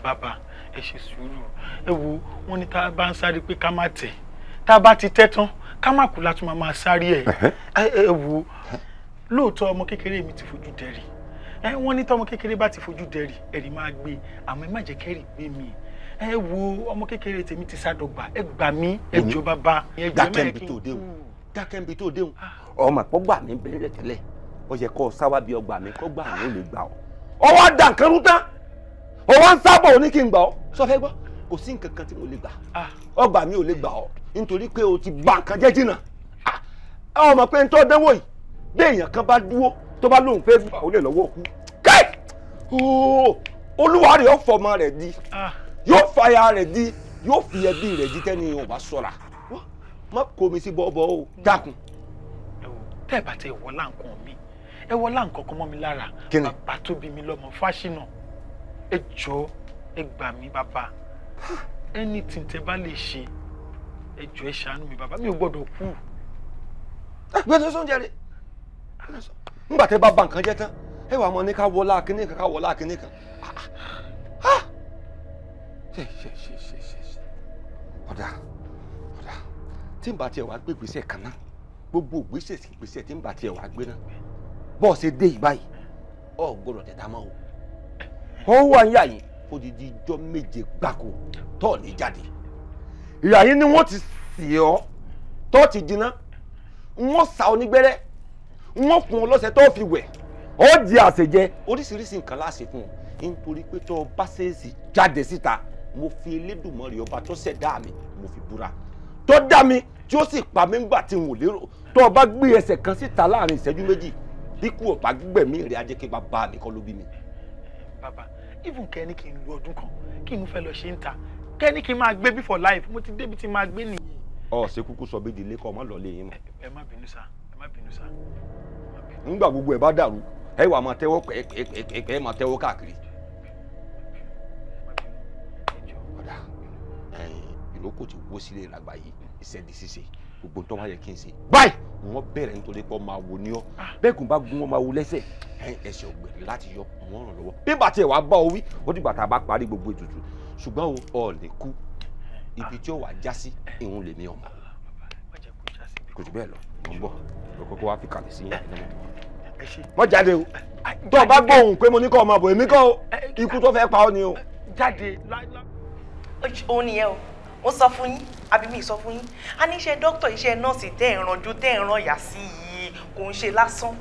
bàbá ẹ ṣe sùúrù ẹ wo wọn ní tá a bá ń sáré pé ká má tẹ̀ tá a bá ti tẹ́ tán ká má kú látún máa sáré ẹ̀ ẹ wo lóòótọ́ ọmọ kékeré mi ti fojú dẹ̀rì ẹ wọ́n ní tọ́mọ kékeré bá ti fojú dẹ̀rì ẹ̀rì máa gbé àmọ́ ẹ má jẹ́ kẹ́rì gbé mi ẹ wo ọmọ kékeré tèmi ti sádọgba ẹ gbà mí ẹ jọ bàbá. dákẹ́mbi tó déhùn dákẹ́mbi tó déhùn ah. ọmọ àpọ̀ gbà mí bẹ̀rẹ̀ tẹ́lẹ̀ ó yẹ kó sáwá bí ọgbà mi kó gbà mí ó lè gbà ọ́. ọwọ́ dànkẹ́rú tán ọwọ́ ń sábà òní kí n gbà ọ́ sọ fẹ́ gbọ́ kò sí nǹkan kan tí mo lè gbà ah. ọgbà mi ò lè gbà ọ́ nítorí pé o ti bà nǹkan jẹ́ jìnnà ọmọ ah. pé n tọ́ dánwò yìí bí èèyàn kan bá dúró tó bá lóun fẹ́ gbà ó lè lọ́wọ́ kú kẹ́ẹ̀ olúwa rẹ̀ ọ̀fọ̀ rẹ̀ di yóò fàyà rẹ̀ di yóò fi ẹbí rẹ̀ di tẹ́ni ò bá sọ̀ra má kó mi sí bọ́ọ̀bọ́ o dákun. ẹ wò tẹ́ ẹ bá tẹ ìwọ láǹkan mi ẹ wọ láǹkan kan mọ́ mi lára bàbá tó bí mi lọ́mọ fásinà ẹ jọ ẹ gbà mí bàbá anything tẹ bá lè ṣe ẹ jọ ẹ ṣàánú mi bàbá mi ò gbọ́dọ̀ kú. gbèsè ah, sóúnjẹ rẹ nígbà tẹ bá ba nǹkan jẹ tán ẹ wà mọ ní ká wọlá kínní kan ká wọlá kínní kan ṣe ṣe ṣe ṣe ṣe ṣe ọ̀dà ọ̀dà tí n bá tiẹ̀ wá gbé ìgbésẹ̀ kan náà gbogbo ìgbésẹ̀ sí ìgbésẹ̀ tí n bá tiẹ̀ wá gbé náà bọ́ọ̀sì dé ìbáyìí ọ̀ gbọ́dọ̀ tẹ̀ta mọ́ o ó wà ń yà yín odidi ijọ́ méje gbáko tọ́ọ̀ ní jáde ìyà yín ni wọ́n ti sì ọ́ tọ́ọ̀ ti jiná wọ́n sá ọ nígbẹ́rẹ́ wọ́n kun ọ lọ́sẹ̀ tó fi wẹ̀ ó di àṣejẹ oríṣiríṣi nǹkan láṣẹ fún ọ nítorí pé tó o bá ṣèèṣì jáde síta mo fi elédùnmọ́ rẹ̀ ọba tó ṣẹ̀dá mi mo fi búra tó dá mi tí ó sì pa mí ńgbà tí n ò lérò tó o bá gbé ẹsẹ̀ kan síta láàrin ìṣẹ́jú méjì bí kú ọ̀pá gbẹ̀mí rẹ̀ ajẹ́ kí bàbá mi kọ́ ló bí mi. bàbá even kẹ́ni kí n lu ọdún kan kí n fẹ́ lọ ṣe ń ta kẹ́ni kí n máa gbé bí for life mo ti débi tí n máa gbé nìyí. ọ ṣe kúkú sọ bí ìdílé kan ọmọ lọlé yín mọ. ẹ má bínú sá ẹ má bínú sá. nígbà gbogbo ẹ bá dàrú ẹ wà máa tẹ́wọ́ pẹ́ẹ́pẹ́ẹ́pẹ́ máa tẹ́wọ́ káàkiri ìrókò ti wó sílé ìlàgbà yìí iṣẹ́ di ṣíṣe gbogbo tó bá yẹ kí n ṣe báyìí wọ́n bẹ̀rẹ̀ nítorí pé ọmọ àwo ni ọ́ ah. bẹ́ẹ̀ kò bá gún ọmọ àwo lẹ́sẹ̀ ẹsẹ̀ ògbèrè láti yọ wọ́n ràn lọ́wọ́ bí bàtẹ́ wàá bá ọ wí ó dìgbà tá a bá parí gbogbo ètùtù ṣùgbọ́n o ò lè kú ibi tí ó wàá já sí ìhun lèmi ọmọ kò jù bẹ́ẹ̀ lọ mọ̀ ń bọ̀ lọ́kọ́kọ́ wá fi kàlẹ̀ sí yẹn wọ́n jáde o tó o bá gbóhùn pé mo ní kọ́ ọmọ àbò èmi kọ́ ikú tó fẹ́ pa ọ́ ni o. jáde òun nìyẹn o mo sọ fún yín àbí mi sọ fún yín a ní iṣẹ́ dókítà iṣẹ́ nọ́ọ̀sì tẹ́ ẹ̀ ranjú tẹ́ ẹ̀ ran yà sí yìí kò ń ṣe lásán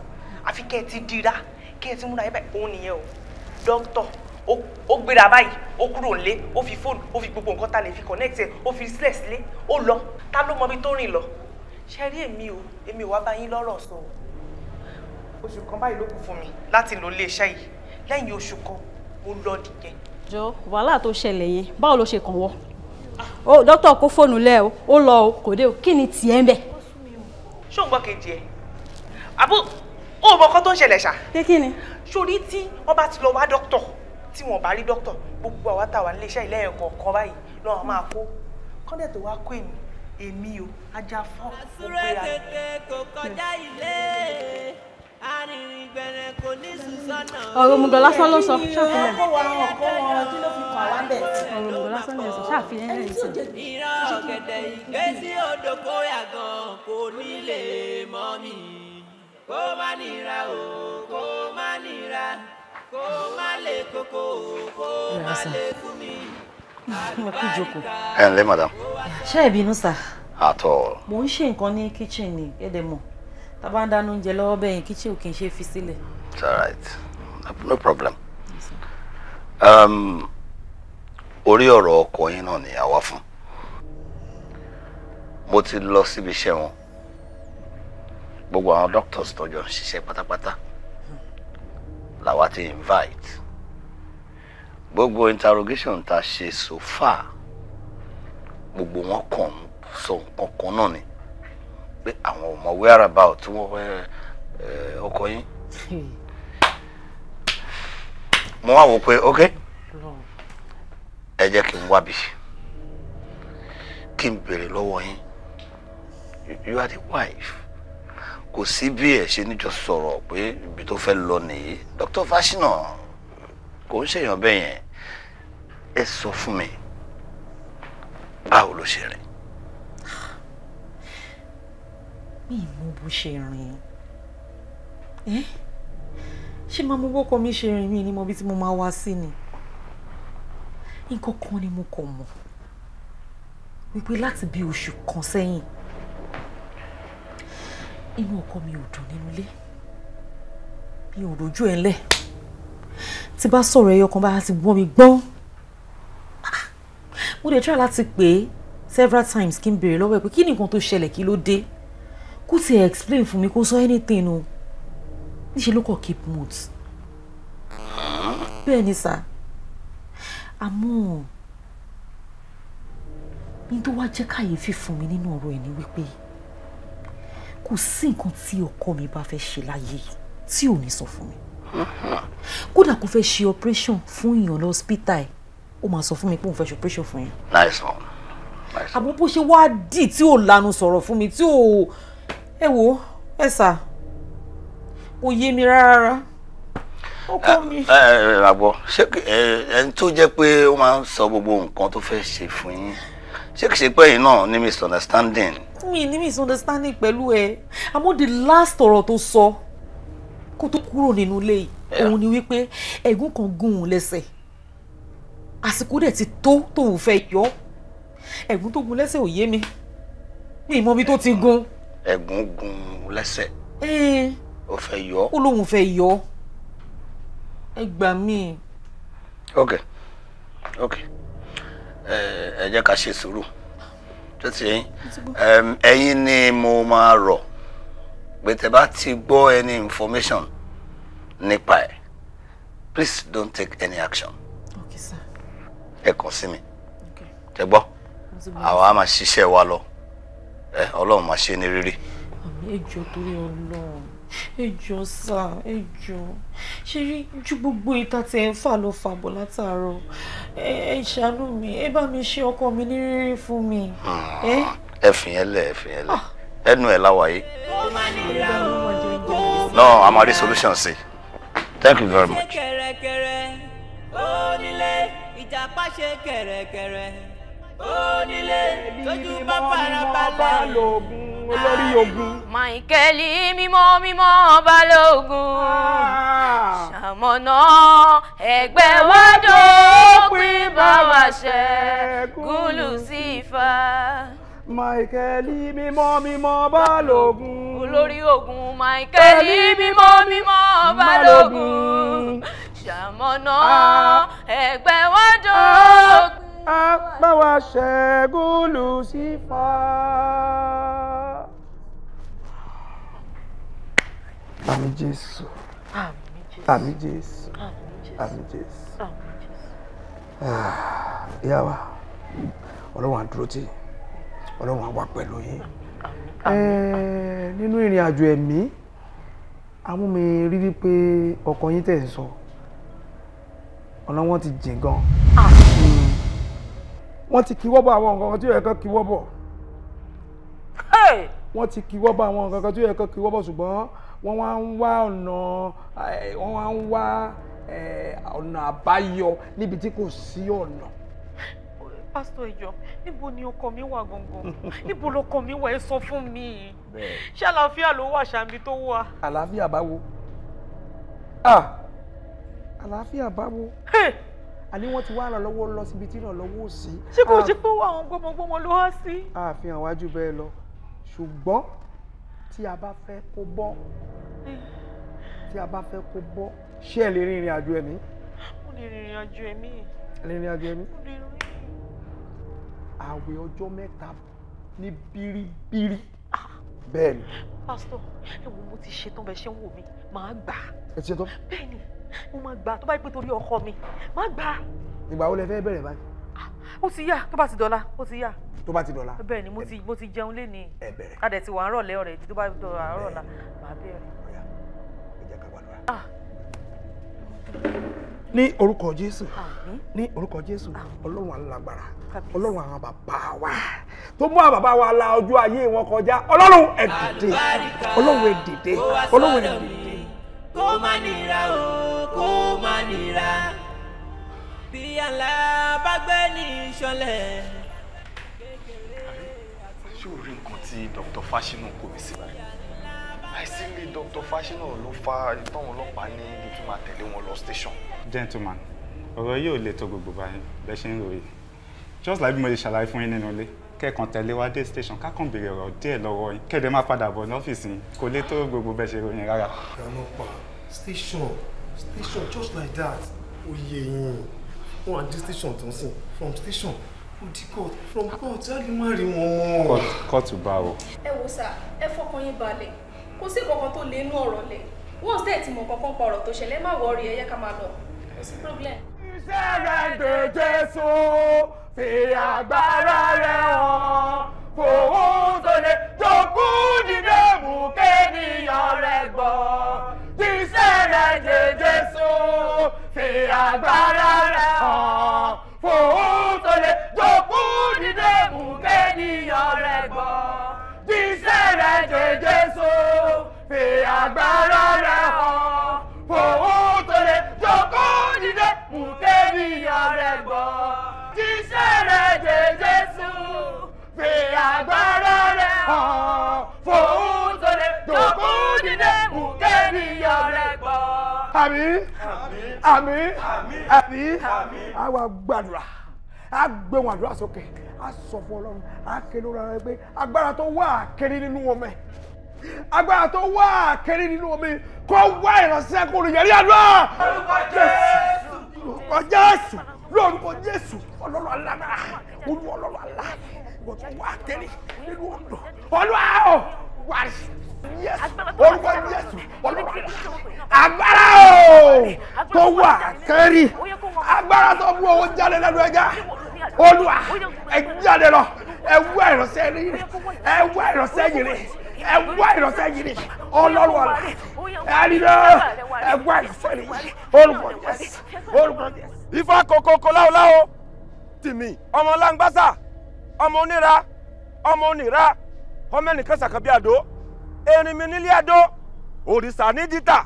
àfi kẹ́ ẹ ti dira kẹ́ ẹ ti múra ẹ̀bẹ̀ òun nìyẹn o dókítà ó gbéra báyìí ó kúrò ńlé ó fi fóònù ó fi gbogbo nǹkan ta fi connect ẹ ó fi sílẹ̀ sílé ó lọ ta ló mọ ibi tó rìn lọ ṣe rí èmi o èmi ò wá bá yín lọ́rọ̀ sọ oṣù kan báyìí ló kù fún mi láti lọ ilé iṣẹ́ yìí lẹ́yìn oṣù kan mo lọ nìyẹn. jọ wàhálà tó ṣẹlẹ̀ yẹn báwo ló ṣe kàn wọ́ o dókítà kó fóònù lẹ o ó lọ o kò dé o kí ni tiẹ̀ ń bẹ̀. ṣó ń gbọ́ kejì ẹ̀ àbó ó mọ ọkọ tó ń ṣẹlẹ̀ ṣá. pé kí ni. sórí tí wọ́n bá ti lọ wá dókítà tí wọ́n bá rí dókítà gbogbo àwa táwa níléeṣẹ́ ilé ẹ̀kọ́ kan báyìí lọ́wọ́ máa kó kọ́ndẹ̀ tó wá kó èmi èmi o ajá fọ́ òpè àsúrò tètè kò kọjá ilé ọ̀rọ̀ mùgọ̀ lásán ló sọ ṣàfihàn. ọkọ wa ọkọ wọn kí ló fi kàn wá bẹ̀. ọ̀rọ̀ mùgọ̀ lásán ló sọ ṣàfihàn ẹ̀ sọ. ìran ọ̀gẹ̀dẹ̀ ìgbé sí odò kó yàgàn kò ní lè mọ mi. kó má nira o kó má nira kó má lè kókó o kó má lè kú mi. mo kí jókòó. ẹ ǹlẹ́ madam. ṣé ẹ bínú sà. at all. mo ń ṣe nǹkan ní kíchìn ni ẹ̀dẹ̀ mọ̀ tá bá ń dáná oúnjẹ lọ́wọ́ bẹ́ẹ̀ yẹn kíchìn ò kì í ṣe fi sílẹ̀. it's alright no problem. Um, orí ọ̀rọ̀ ọkọ yín náà ni a wá fún mo ti lọ síbi iṣẹ́ wọn gbogbo àwọn doctors tó ń ṣiṣẹ́ pátápátá làwa ti invite gbogbo interrogation tá ṣe so far gbogbo wọn kàn sọ nǹkan kan náà ni pé àwọn ò mọ whereabout tí wọ́n fẹ́ eh, ọkọ yín mo wá wò pé ok ẹ jẹ́ kí n wábi kí n béèrè lọ́wọ́ yín you are the wife kò sí bí ẹ ṣe níjọ sọ̀rọ̀ pé ibi tó fẹ́ lọ nìyí Dr. Fashina kò ń ṣèyàn bẹ́ẹ̀ yẹn ẹ sọ fún mi báwo ló ṣe rìn. mi ì mọ bó ṣe rìn ẹ́ ṣé máa mú bọ́kọ mi ṣe rìn mí ni mo bí tí mo máa wá sí ni nǹkan kan ni mo kò mọ̀ wípé láti bí oṣù kan sẹ́yìn inú ọkọ mi ò dùn nínú ilé mi ò rojú ẹ lẹ̀ tí bá sọ̀rọ̀ ẹyọ kan bá ti gbọ́n mi gbọ́n ah! mo dẹ̀ try láti pè é several times kí n béèrè lọ́wọ́ ẹ pé kí ni nǹkan tó ṣẹlẹ̀ kí ló dé kó tiẹ̀ explain fún mi kó sọ anything o níṣẹ́ ló kọ̀ keep mute bẹ́ẹ̀ ni sà àmọ́ ní tó wá jẹ́ kàyéfì fún mi nínú ọ̀rọ̀ ẹ̀ ni wípé kò sí nǹkan tí ọkọ mi bá fẹ́ ṣe láyé tí ò ní sọ fún mi kódà kò fẹ́ ṣe operation fún èèyàn lọ hospital ẹ̀ ó máa sọ fún mi pé òun fẹ́ ṣe operation fún yẹn. nice one. àmọ́ bó ṣe wá dì tí ò lanu sọ̀rọ̀ fún mi tí ò ẹ wo ẹ sà kò yé mi rárá ó kọ́ mi. ẹ ẹ àbọ̀ ṣé ẹni tó jẹ́ pé ó máa ń sọ gbogbo nǹkan tó fẹ́ ṣe fún yín ṣé kìí ṣe pé yìí náà ní misunderstanding. mi ní misunderstanding pẹ̀lú ẹ àmọ́ the last ọ̀rọ̀ tó sọ kó tó kúrò nínú ilé yìí òun ni wípé ẹ̀gún kan gún un lẹ́sẹ̀ àsìkò dẹ̀ ti tó tóun fẹ́ yọ ẹ̀gún tó gún lẹ́sẹ̀ ò yé mi mi ìmọ̀ mi tó ti gún. Yeah ẹ̀gún gun lẹ́sẹ̀. ó fẹ́ yọ. ó lóun fẹ́ yọ ẹ gbà mí. ok ok ẹ jẹ́ ká ṣe sùúrù tó ti yẹn ẹ̀yin ni mo máa rọ̀ pé tẹ bá ti gbọ́ any information nípa ẹ̀ please don't take any action. ok sir. ẹ kàn sí mi. ok tẹ gbọ́ àwa máa ṣiṣẹ́ wa lọ ẹ ọlọ́run máa ṣe ní rírí. àmì ẹjọ́ torí ọlọ́run ẹjọ́ sá ẹjọ́ ṣe rí ju gbogbo ìta tí ẹ ń fà lọ fàbọ̀ látàárọ̀ ẹ ṣàánú mi ẹ bá mi ṣe ọkọ mi ní rírí fún mi. ẹ fìyẹn lẹ ẹ fìyẹn lẹ ẹnu ẹ láwàyé. náà a resolution. rí thank you very much onílé tójú bá farabalẹ̀ lóògùn ah. olórí ogun. Máìkẹ́lì mímọ́ mímọ́ balógun ah. ṣàmọ̀nà ẹgbẹ́ wa dópin bá wa ṣẹ́gun lùsífà. Máìkẹ́lì mímọ́ mímọ́ balógun olórí ogun Máìkẹ́lì mímọ́ mímọ́ balógun ṣàmọ̀nà ah. ẹgbẹ́ wa dópin á bá wa ṣẹ́gun lùsífà. àmì jésù àmì jésù àmì jésù ah, ìyá wa ọlọ́run á dúró tì ọlọ́run á wà pẹ̀lú yín eh, nínú ìrìn àjò ẹ̀mí amúmi rí wípé ọkọ yín tẹ̀ ń sọ ọ̀nà ti jìn gan wọ́n ti kíwọ́ bọ̀ àwọn nǹkan kan yẹ kán kíwọ́ bọ̀ wọ́n ti kíwọ́ bọ̀ àwọn nǹkan kan yẹ kán kíwọ́ bọ̀ ṣùgbọ́n wọ́n wá ń wá ọ̀nà eh, wọ́n wá ń wá eh, ọ̀nà àbáyọ níbi tí kò sí ọ̀nà. pásítọ̀ ìjọ níbo ni ọkọ mi wà gangan níbo lọkọ mi wà ẹ sọ fún mi ṣé àlàáfíà ló wà ṣàǹbí tó wà. àlàáfíà báwo ah! àlàáfíà báwo àní wọ́n ti wá ìrànlọ́wọ́ lọ síbi tí ìrànlọ́wọ́ ò sí. ṣé kò ah. ṣe pé àwọn gbọmọgbọmọ ló há sí. àfihàn wájú bẹ́ẹ̀ lọ ṣùgbọ́n tí a bá fẹ́ kó bọ́ tí a bá fẹ́ kó bọ́ ṣé ẹ lè rin ìrìn àjò ẹ̀mí. mo lè rin ìrìn àjò ẹ̀mí. ẹ lè rin àjò ẹ̀mí. mo lè rin. àwẹ̀ ọjọ́ mẹ́ta ní bíríbírí bẹ́ẹ̀ ni. pásítọ̀ ẹ mo ti ṣetán bẹ́ẹ̀ ṣe wò mí màá gbà. ẹ ti ṣetán. bẹ́ẹ̀ ni mo máa gbà tó bá yẹ pé torí ọkọ mi má gbà. ìgbà wo lẹ fẹ́ bẹ̀rẹ̀ báyìí. ó ti yá tó bá ti dọ̀la ó ti yá. tó bá ti dọ̀la. bẹ́ẹ̀ ni mo ti mo ti jẹun léni. ẹ bẹ̀rẹ̀. adẹ̀ ti wà ń rọ̀lẹ́ ọ̀rẹ́ tó bá dọ̀ àárọ̀ la màá bẹ̀rẹ̀. ọ̀yá ẹ jẹ́ ká gbàdúrà. ní orúkọ jésù ní orúkọ jésù ọlọ́run alágbára ọlọ́run àwọn bàbá wa tó mú àwọn bàbá wa la ọjọ́ ayé wọn kọjá ọlọ́run ẹ ọlọ́run ẹ ọlọ́run ẹ kó má nira o kó má nira bí àlá bá gbé ní ìṣọ̀lẹ̀. ṣé o rí nǹkan tí Dr. Fashinu kò rí sí báyìí àìsílẹ̀ Dr. Fashinu ló fa ìtọ́wọ̀n ọlọ́pàá ní ibi máa tẹ̀lé wọn lọ station. gentleman ọ̀rọ̀ yìí ò lè tó gbogbo báyìí bẹ́ẹ̀ ṣe ń ròyìn just like bí mo ṣe ṣàlàyé fún yín nínú ilé kẹ́ẹ̀kan tẹ̀lé wa dé station kákan béèrè ọ̀rọ̀ díẹ̀ lọ́wọ́ yín kẹ́ẹ̀dẹ̀ má padà bọ̀ lọ́fíìsì kò lè tó gbogbo bẹ́ẹ̀ ṣe ròyìn rárá. ìyànà pa station station just like that oyè yìí wọn à ń dé station tó ń sìn from station ó court from court á lè má rí wọn. kóòtù bá o. ẹ wo sá ẹ fọkàn yín balẹ̀ kò sí kankan tó lè inú ọ̀rọ̀ lẹ̀ wọ́n sì tẹ̀ tí mo kankan pa ọ̀rọ̀ tó ṣẹlẹ̀ má wọ́ọ̀rì ẹ̀yẹ ká máa lọ kò sí problem sẹ́rẹ̀ǹdè Jésù fi agbára rẹ̀ hàn fòun tó lè jogún nílé mú kéèyàn rẹ̀ gbọ́. Ti sẹ́rẹ̀ǹdè Jésù fi agbára rẹ̀ hàn fòun tó lè jogún nílé mú kéèyàn rẹ̀ gbọ́. Ti sẹ́rẹ̀ǹdè Jésù fi agbára rẹ̀ hàn fòun. fi agbára rẹ̀ hàn fòun tó lè dòkú dídé mú kébìyàn rẹ̀ gbọ́. àmì àmì àmì àwa gbàdúrà a gbé wọn àdúrà sókè a sọ fún Ọlọ́run a kéde Ọlọ́run pé agbára tó wà kéré nínú ọmọ agbára tó wà kéré nínú ọmọ kó wá ìránṣẹ́ olùyẹrí àdúrà. olùkọ́ Jésù olùkọ́ Jésù lórúkọ Jésù ọlọ́run alágbára olú ọlọ́run alágbára wà kẹ́lí nínú ọ̀dọ̀ olúwa o wà yẹsù orúkọ yẹsù olúwa agbára o tó wà kẹ́lí agbára tó mú owó jáde lẹ́nu ẹja olúwa ẹ jáde lọ ẹ wá ìrọ̀sẹ́ yìí ẹ wá ìrọ̀sẹ́ yìí ẹ wá ìrọ̀sẹ́ yìí ọlọ́run ọ̀la ẹ rí lọ ẹ wá ìrọ̀sẹ́ yìí olùkọ́ yẹsù olùkọ́ yẹsù. ifá kòkó láwo láwo tìmí ọmọ langbasa. ọmọ onira ọmọ onira ọmọ ẹnìkan sàkàbí àdó erinmi nílé àdó òrìṣà ní dìtà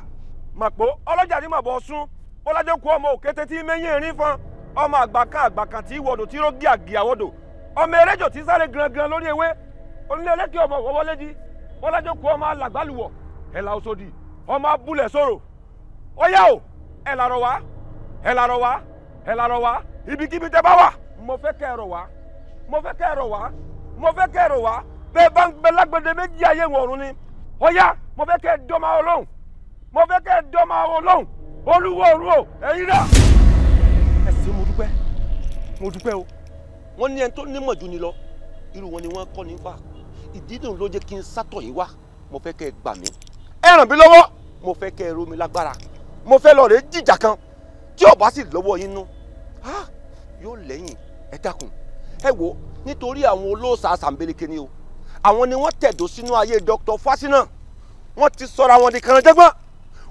màpò ọlọ́jà ní màbọ̀ ọ̀sùn bọ́lájọ́kù ọmọ òkété tí mẹ́yìn erin fọn ọmọ àgbàkan àgbàkan tí wọ̀dọ̀ tí ọmọ tí sáré gangan lórí ewé onílé ọmọ wọ́wọ́lé di ọmọ alàgbàlùwọ̀ òsòdì ọmọ abúlẹ̀ o mo fẹ́ kẹ́rọ̀ wa, mo fẹ́ kẹ́rọ̀ wá bẹ́ẹ̀ bá ń bẹ lágbède méjì ayé wọ̀run ni ọ̀yá mo fẹ́ kẹ́ dọ́mà ọlọ́hun mo fẹ́ kẹ́ dọ́mà ọlọ́hun olúwo òru o ẹ̀yin náà. ẹ ṣé mo dúpẹ́ mo dúpẹ́ o wọ́n ní ẹni tó nímọ̀ jù ni lọ irú wọn ni wọ́n kọ́ nípa ìdí dùn ló jẹ́ kí n sátọ̀ yìí wá mo fẹ́ kẹ́ gbà mí ẹ ràn mí lọ́wọ́ mo fẹ́ kẹ́ romi lágbára mo fẹ́ lọ rèé jìjà kan tí ọba sì lọ́wọ́ yín nú yóò lẹ́yìn ẹ dákun ẹ wo nítorí àwọn olóòṣà sàǹbẹ̀lẹ̀kẹ ni o àwọn ni wọ́n tẹ̀dó sínú ayé Dr. Fáṣínà wọ́n ti sọra wọn di kànáńjẹ́gbọ́n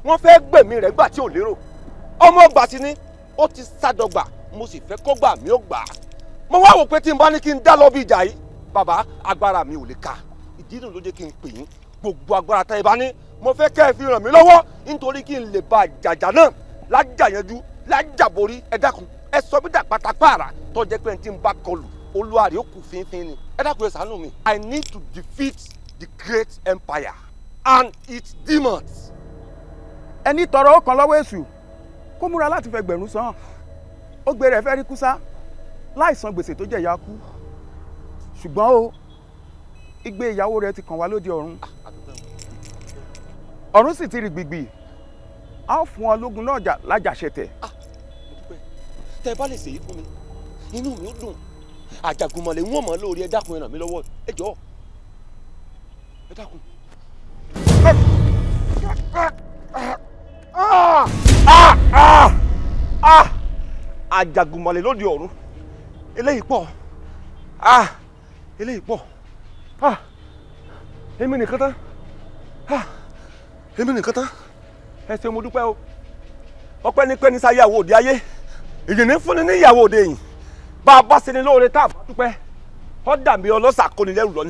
wọ́n fẹ́ gbẹ̀mí rẹ̀ gbà tí ò lérò ọmọ ọgbà sí ni ó ti sádọgbà mo sì fẹ́ kọ́ gbà mí ó gbà á mo wá wò pé tí n bá ní kí n dá lọ bí ìjà yìí bàbá agbára mi ò lè ka ìdí nù ló jẹ́ kí n pè yín gbogbo agbára tá ẹ bá ní mo fẹ́ kẹ́ ẹ fi ràn mí lọ́wọ́ nítorí kí n lè ba àjàjà náà lájà yanjú lájà borí ẹ dákun ẹ sọ bí dàpátá pààrà tó jẹ́ pé n ti ń bá kọlù olúwarẹ̀ ó kù fínfín ni ẹ dákun ẹ ṣàánú mi. I need to defeat the great empire and its demons. ẹni tọrọ ó kan lọ́wọ́ èṣù kó múra láti fẹ́ gbẹ̀rún san ó gbé rẹ̀ fẹ́ rí kúsá láìsan gbèsè tó jẹ́ ìyá kú ṣùgbọ́n o igbe ìyàwó rẹ̀ ti kàn wá lóde ọ̀run ọ̀run sì ti rì gbìgbì a ó fún ọ lógun náà lájàṣẹtẹ̀. Ah, tẹ bá lè ṣèyí fún mi inú mi ó dùn àjàgùnmọ̀lẹ̀ wọ́n mọ̀ lórí ẹ dákun ẹ ràn mí lọ́wọ́ ẹ jọ̀ọ́ ẹ dákun. àjàgùnmọ̀lẹ̀ lóde ọ̀run eléyìí pọ̀ ah, eléyìí pọ̀ ah, èmi nìkan tán ah, èmi nìkan tán ẹ ṣé mo dúpẹ́ o ọpẹ́ ní pẹ́ ní sáyé àwòdì ayé ìyìn ní fúnni ní ìyàwó òde yìí bá a bá ṣe ni lóore tá a bá dúpẹ́ ó dàbí ọlọ́sà kónilẹ́rù lọ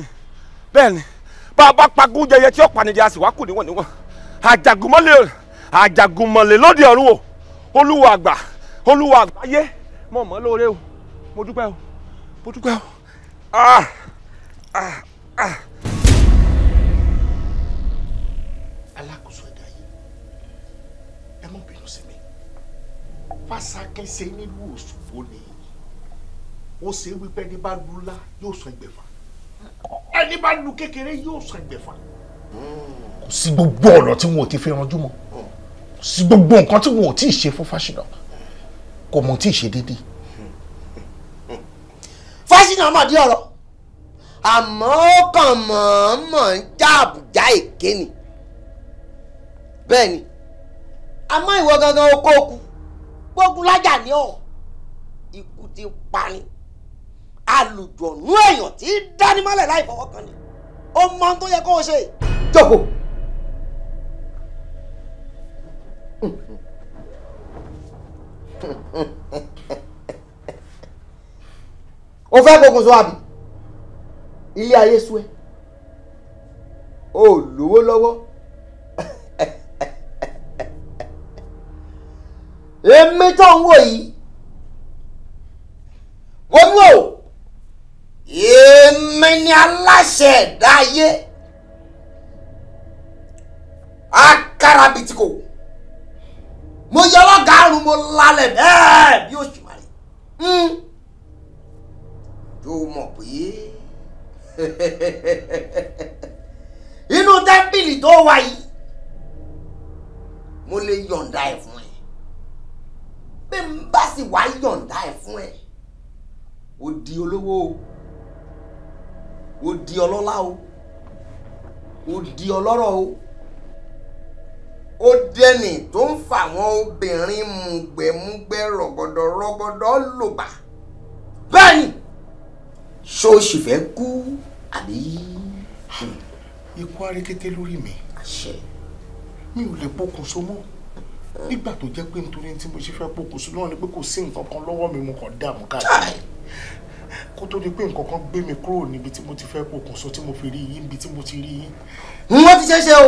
bẹ́ẹ̀ ni bá a bá pagún jẹyẹ tí ó panijẹ a sì wá kù níwọ̀n níwọ̀n àjàgùnmọ́lẹ̀ àjàgùnmọ́lẹ̀ lóde ọ̀run o olúwa àgbà olúwa àgbáyé mo mọ̀ lóore o mo dúpẹ́ o mo dúpẹ́ o ah, ah, ah. alákòóso ẹ̀dá yìí ẹ mọ̀ bínú sí mi fásákẹ́sẹ́ nílùú Òṣùgbó ni ó ṣe wípé ẹni bá lu ńlá yóò san ẹgbẹ̀fà ẹni bá lu kékeré yóò san ẹgbẹ̀fà. kò sí gbogbo ọ̀nà tí wọn ò ti fi ranjú mọ́ kò sí gbogbo nǹkan tí wọn ò tí ì ṣe fún Fáṣínà kò mọ̀ tí ì ṣe déédéé. Fáṣínà mọ̀ dí ọ̀rọ̀ àmọ́ ó kàn mọ̀ọ́mọ̀ ń já àbùjá èké ni bẹ́ẹ̀ ni àmọ́ ìwọ gangan okó okú gbógun lájà ní ọ̀ ikú ti pa ni alùjọ̀nú èèyàn tí í dánimọ́lẹ̀ láì fọwọ́ kan ni ó mọ ohun tó yẹ kó o ṣe. jókòó. o fẹ́ gbógun sọ àbí ilé ayé sú ẹ o lówó lọ́wọ́ èmi tó ń wò yìí ojú ò èmi ni aláṣẹ ẹ̀dá ayé akara bitiko mo yọ ọlọ́gàá àrùn mo lálẹ̀ bẹ́ẹ̀ bí oṣù mari hmm. yóò mọ̀ pé inú tẹ́ḿpìlì tó wà yìí mo lè yọ̀ǹda ẹ̀ fún ẹ bí n bá sì wá yọ̀ǹda ẹ̀ fún ẹ ó di olówó o o di ọlọ́lá o o ọlọ́rọ̀ o ó dẹni tó ń fa àwọn obìnrin mùgbẹ́mùgbẹ́ rọ̀gbọ̀dọ̀ rọ̀gbọ̀dọ̀ lòbà bẹ́ẹ̀ni ṣó o sì fẹ́ kú àbí. Hmm. ikú arékété lórí mi mi ò lè pokùnso mọ́ nígbà tó jẹ́ pé nítorí tí mo ṣe fẹ́ pokùnso náà ni pé kò sí nǹkan kan lọ́wọ́ mi mo kàn dààmú káàkiri kó tó di pé nǹkan kan gbé mi kúrò níbi tí mo ti fẹ́ pokùnso tí mo fi rí yín níbi tí mo ti rí yín. wọ́n ti ṣeéṣe o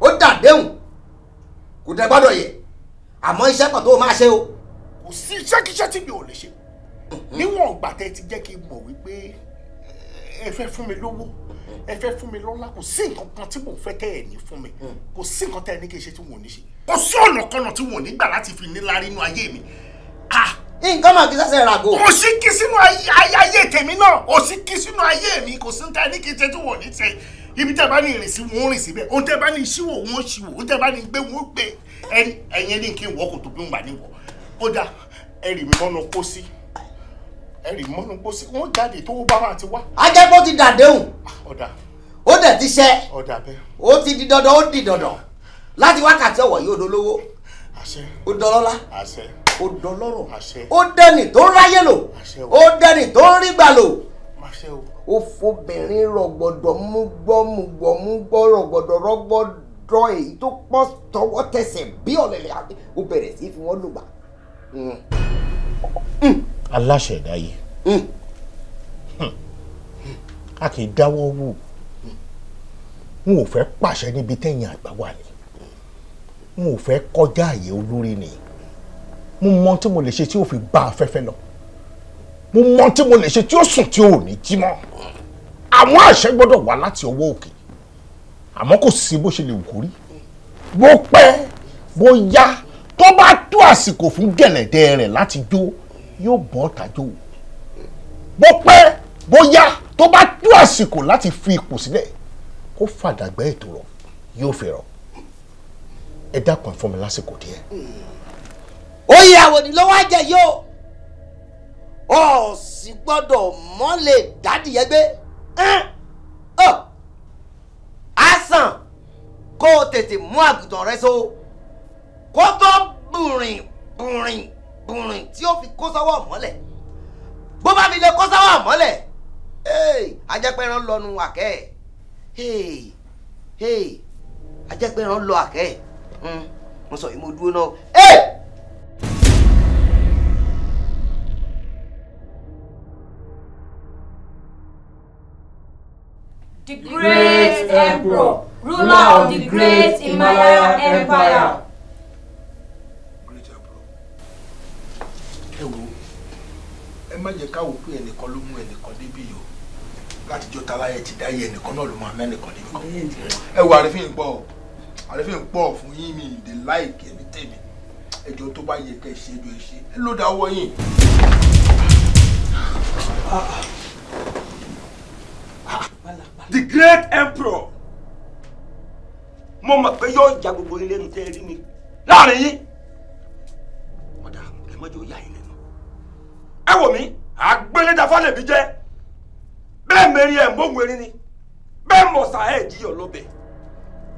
ó dàdéhùn kò dẹ gbọ́dọ̀ yẹ àmọ́ iṣẹ́ kan tó o máa ṣe o. kò sí iṣẹ́kíṣẹ́ tí mi ò lè ṣe níwọ̀n ìgbà tẹ́ ti jẹ́ kí n mọ̀ wípé ẹ fẹ́ fún mi lówó ẹ fẹ́ fún mi lọ́lá kò sí nǹkan kan tí mo fẹ́ kẹ́ ẹ̀ ní fún mi hmm. kò sí nǹkan tẹ́ ẹ ní kí n ṣe tí wọ́n ò ní ṣe kò sí ọ̀nà kan náà tí wọ́n ò ní gbà láti fi níláárí inú ayé mi nǹkan máa kí sẹ́sẹ̀ ràgó. kò sí kí sínú ayé tèmi náà kò sí kí sínú ayé mi kò sí ní ta ní kí n ṣe tí wọ́n ní ṣe ibi tẹ́ bá ní ìrìn sí wọn ò rìn síbẹ̀ ohun tẹ́ bá ní ìṣíwò wọn ò ṣíwò ohun tẹ́ bá ní gbé wọn ò gbé ẹ̀yin ní kí n wọ́ kò tó bí wọn bá ní wọ́ kódà ẹ̀rì mi mọ́nu kó sí ẹ̀rì mi mọ́nu kó sí wọ́n jáde tó bá máa ti wá. ajẹ́pọ̀ ti dàdéhùn ó dẹ̀ ti ṣẹ́ ó ti di dandan ó di dandan láti wákàtí ọ̀wọ̀ yìí dolówó ó dọlọ́lá ó dọlọ́rọ̀ ó dẹni tó ń ráyè lò ó dẹni tó ń rí gbà lò ó fobìnrin rọ̀gbọ̀dọ̀ mú gbọ́ mú gbọ́ mú gbọ́ rọ̀gbọ̀dọ̀ rọ̀gbọ̀dọ̀ èyí tó pọ̀ tọwọ́ tẹsẹ̀ bí ọ̀lẹ̀lẹ̀ ó bẹ̀rẹ̀ sí fi wọ́n lùgbà. Hmm. Hmm. aláṣẹ ìdáyé hmm. a kì í dáwọ́ wò n ò fẹ́ pàṣẹ níbi tẹ̀yìn àgbà wà ní n ò fẹ́ kọjá àyè olórí nìyí mo mọ tí mo lè ṣe tí ò fi bá afẹ́fẹ́ lọ mo mọ tí mo lè ṣe tí ó sùn tí ò ní jí mọ́ àwọn àṣẹ gbọ́dọ̀ wá láti ọwọ́ òkè àmọ́ kò sí bó ṣe lè wù kó rí bó pẹ́ bó yá tó bá tó àsìkò fún gẹ̀lẹ̀dẹ́ rẹ̀ láti jó yóò bọ́ tàjó bó pẹ́ bó yá tó bá tó àsìkò láti fi ipò sílẹ̀ kó fàdàgbẹ́ ètò rọ̀ yóò fẹ́ràn ẹ dákun ẹ fún mi lásìkò díẹ̀ oyè àwòdì ló wá jẹ yìí o ọ sì gbọ́dọ̀ mọlẹ dádìyẹ gbé ọ àsàn kó o tètè mú àgùntàn rẹ so kó tó bùrìn bùrìn bùrìn tí ó fi kó sọ́wọ́ mọ́lẹ̀ bó bá fi lè kó sọ́wọ́ mọ́lẹ̀ ajẹpẹran lọnu àkẹ ajẹpẹran lọ àkẹ hmm, mo sọ yìí mo dúró náà. the great emperor, ruler of the great Himalaya Empire. Great emperor. Ẹ wo, ẹ má jẹ́ káwọ́ pé ẹnìkan ló mú ẹnìkan débi yìí o. Láti jọ taláyẹ ti dáyé ẹnìkan náà ló máa mẹ́nìkan débi kan. Ẹ wo àrífín pọ̀ o, àrífín pọ̀ fún yín mi ìdè láìkí ẹni tèmi. Ẹjọ́ tó bá yẹ kẹ́ ẹ ṣe ẹjọ́ ẹ ṣe. Ẹ ló dáwọ́ yín the great emperor mo mọ̀ pé yóò ja gbogbo ilé nu tẹ́ mi láàrin yín ọ̀dà ẹ mọ́jọ́ yà yín lẹ́nu ẹ wò mí àgbélédàfà lèmi jẹ́ bẹ́ẹ̀ mẹ́rin ẹ̀ mọ́hùn erin ni bẹ́ẹ̀ mọ̀sà ẹ̀ jí ọlọ́bẹ̀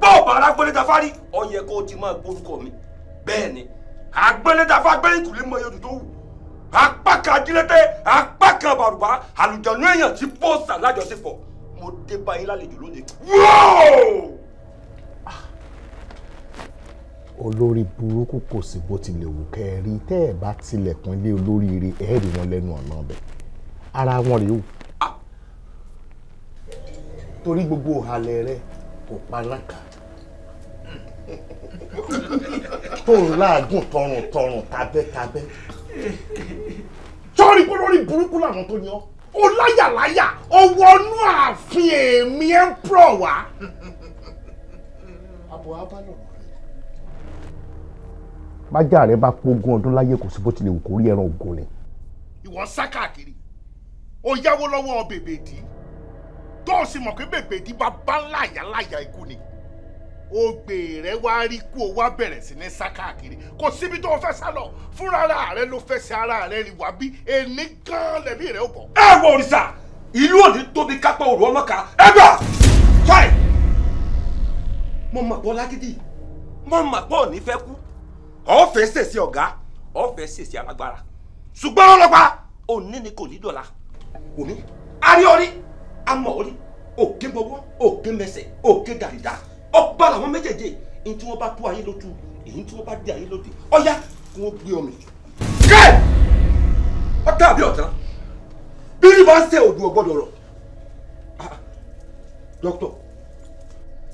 bọ́ọ̀ bàrà gbélédàfà rí ọyẹ kó o ti máa gbórúkọ mi bẹ́ẹ̀ ni àgbélédàfà gbẹ́yìnkùlé mọ yodù tó wù apá kan ajílẹ́tẹ́ apá kan bàrùbá àlùjọ̀nú èèyàn ti bọ́ọ̀sà lájọṣepọ̀ mo dé bá yín lálejò lónìí. olórí burúkú kò sí bó tilẹ̀ wù kẹ́ ẹ rí tẹ́ ẹ bá tilẹ̀kùn lé olóríire ẹ rí wọn lẹ́nu ọ̀nà ọbẹ̀ ara wọn rèé o. Ah! torí gbogbo òhalẹ̀ rẹ kò pa lákàá tó ń láàgùn tọrùntọrùn tabẹ́tabẹ́ sọ́ọ́rí pé lórí burúkú làwọn tó yan ó láyàláyà ọwọ́ inú ààfin èmi ẹ̀ ń pọ̀ wá. àbọ̀ abálọ̀ rẹ̀. bájà rẹ bá pógún ọdún láyé kò sí bó tilẹ̀ wù kó rí ẹran ògùn ni. ìwọ ń sá káàkiri ó yáwó lọ́wọ́ bèbèdì tó o sì mọ̀ pé bèbèdì bá bá ńláyà láyà ikú ni ogbè rẹ wá rí kú o wá bẹ̀rẹ̀ sí ní sá káàkiri kò síbi tó o fẹ́ sá lọ fúnra rẹ ló fẹ́ ṣe ara rẹ rí wá bí èmi gan lẹ́bí rẹ ó bọ̀. ẹ wọ òrìṣà ìlú òní tóbi kápá òru ọlọ́ka ẹ gbà fáì. mo mà gbọ́ lágídí mo mà gbọ́ òní fẹ́ kú ọ̀fẹ́ ṣèṣe ọ̀gá ọ̀fẹ́ ṣèṣe alágbára ṣùgbọ́n ọlọ́pàá òní ni kò ní dọ̀la òní arí orí amọ̀ orí òkè gbogbo òkè mẹsẹ̀ òkè gàrídà ọba làwọn méjèèjì èyí tí wọ́n bá tó ayé lójú èyí tí wọ́n bá dé ayé lóde ọ̀yá kí wọ́n gbé ọmọ ìjọ. kẹ́ ọ̀tá àbí ọ̀tá bí ní bá ń ṣe òdu ọgbọ́dọ̀ rọ̀ dókítọ̀ ah, ah.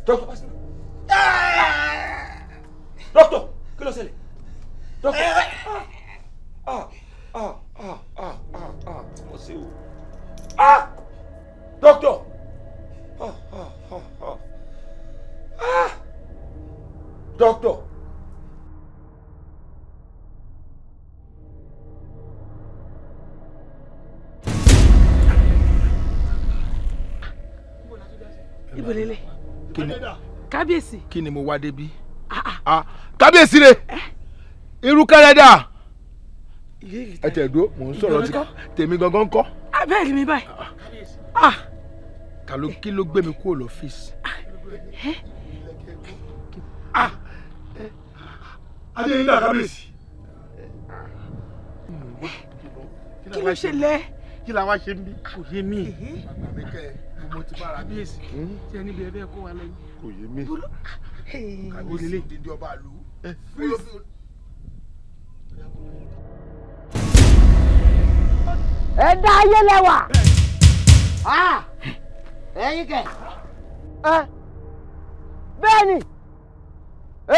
dókítọ̀ pàṣẹ dókítọ̀ kí ló ṣẹlẹ̀ dókítọ̀. Ah, kábíyèsí. kí ni mo wá débi. Ah, ah. Ah, kábíyèsí rè eh? irú kẹrẹdà ẹ tẹ̀ dúró mò ń sọ̀rọ̀ ti tèmi gangan kọ́. abẹ́rẹ́ mi báyìí. ta ló kí ló gbé mi kúrò lọ́fíìsì. Eh? adéyìnlá kábíyèsí. kí ló ṣẹlẹ̀. kí la wá ṣe ń bí kò yé mi. Eh, mo ti bára bí èsì tí ẹni hmm? bí ẹ bẹ́ẹ̀ kó wa lẹ́yìn. kò yé mi. kàbíyèsí dídí ọba àlù. Eh, ẹ dá ayé lẹ́wà ah! ẹ̀yin kẹ. Eh. bẹ́ẹ̀ ni